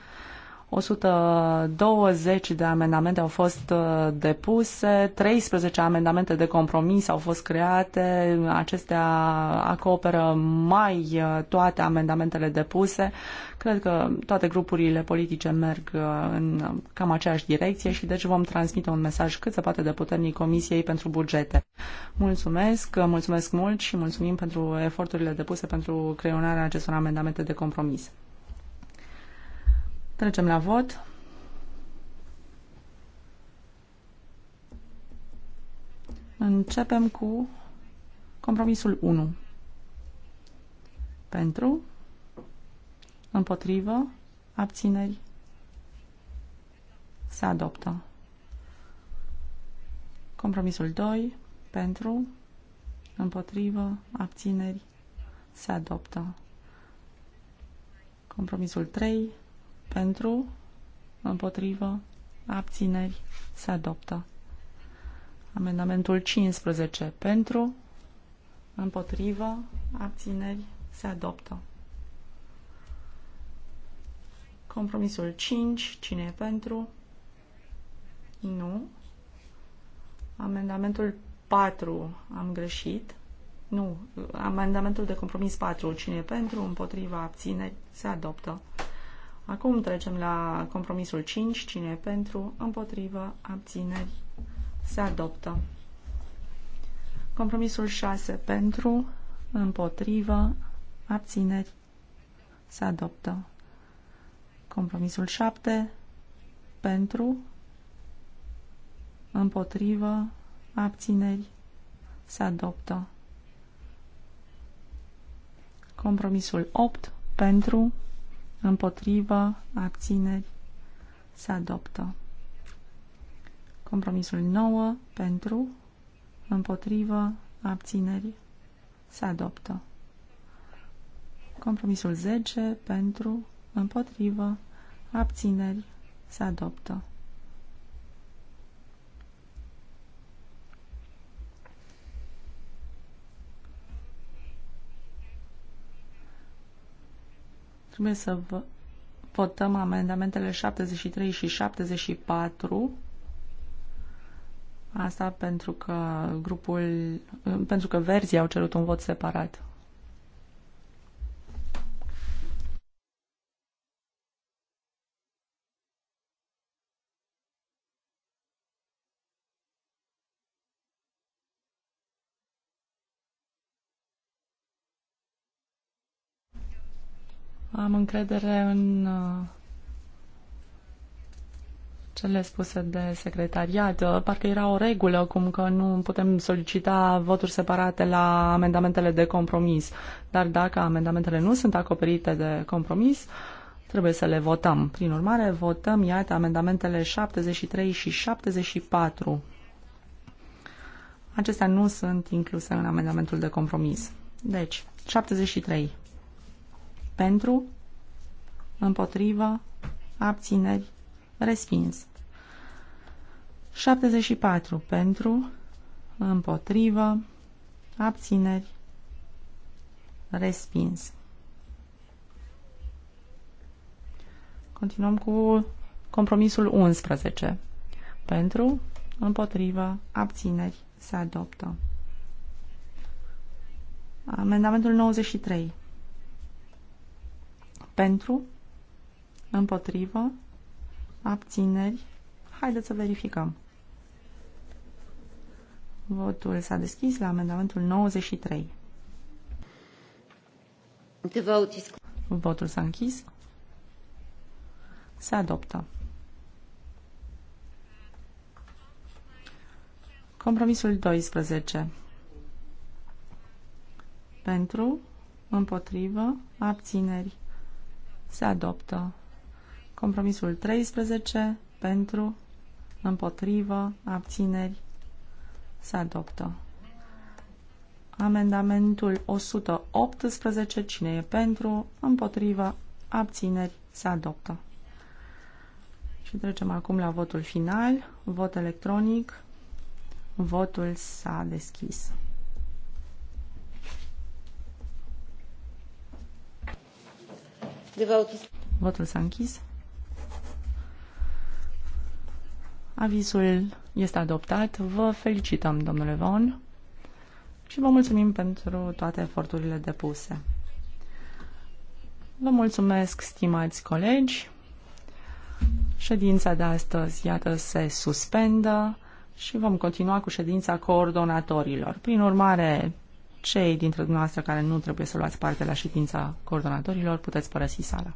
120 de amendamente au fost uh, depuse, 13 amendamente de compromis au fost create, acestea acoperă mai uh, toate amendamentele depuse. Cred că toate grupurile politice merg uh, în cam aceeași direcție și deci vom transmite un mesaj cât se poate de puternic Comisiei pentru bugete. Mulțumesc, mulțumesc mult și mulțumim pentru eforturile depuse pentru creionarea acestor amendamente de compromis. Trecem la vot. Începem cu compromisul 1. Pentru, împotrivă, abțineri, se adoptă. Compromisul 2, pentru, împotrivă, abțineri, se adoptă. Compromisul 3, pentru, împotrivă, abțineri, se adoptă. Amendamentul 15 pentru, împotrivă, abțineri, se adoptă. Compromisul 5, cine e pentru? Nu. Amendamentul 4, am greșit. Nu. Amendamentul de compromis 4, cine e pentru? Împotriva, abțineri, se adoptă. Acum trecem la compromisul 5. Cine e pentru? Împotrivă? Abțineri? Se adoptă. Compromisul 6. Pentru? Împotrivă? Abțineri? Se adoptă. Compromisul 7. Pentru? Împotrivă? Abțineri? Se adoptă. Compromisul 8. Pentru? împotrivă, abțineri, se adoptă. Compromisul 9 pentru, împotrivă, abțineri, se adoptă. Compromisul 10 pentru, împotrivă, abțineri, se adoptă. Trebuie să votăm amendamentele 73 și 74. Asta pentru că grupul, pentru că verzii au cerut un vot separat. Am încredere în uh, cele spuse de secretariat. Uh, parcă era o regulă, cum că nu putem solicita voturi separate la amendamentele de compromis. Dar dacă amendamentele nu sunt acoperite de compromis, trebuie să le votăm. Prin urmare, votăm, iată, amendamentele 73 și 74. Acestea nu sunt incluse în amendamentul de compromis. Deci, 73 pentru, împotrivă, abțineri, respins. 74 pentru, împotrivă, abțineri, respins. Continuăm cu compromisul 11. Pentru, împotrivă, abțineri, se adoptă. Amendamentul 93. Pentru? Împotrivă? Abțineri? Haideți să verificăm. Votul s-a deschis la amendamentul 93. Votul s-a închis. Se adoptă. Compromisul 12. Pentru, împotrivă, abțineri, se adoptă. Compromisul 13 pentru, împotrivă, abțineri, se adoptă. Amendamentul 118, cine e pentru, împotrivă, abțineri, se adoptă. Și trecem acum la votul final, vot electronic, votul s-a deschis. Votul s-a închis. Avizul este adoptat. Vă felicităm, domnule Von, și vă mulțumim pentru toate eforturile depuse. Vă mulțumesc, stimați colegi. Ședința de astăzi, iată, se suspendă și vom continua cu ședința coordonatorilor. Prin urmare, cei dintre dumneavoastră care nu trebuie să luați parte la ședința coordonatorilor, puteți părăsi sala.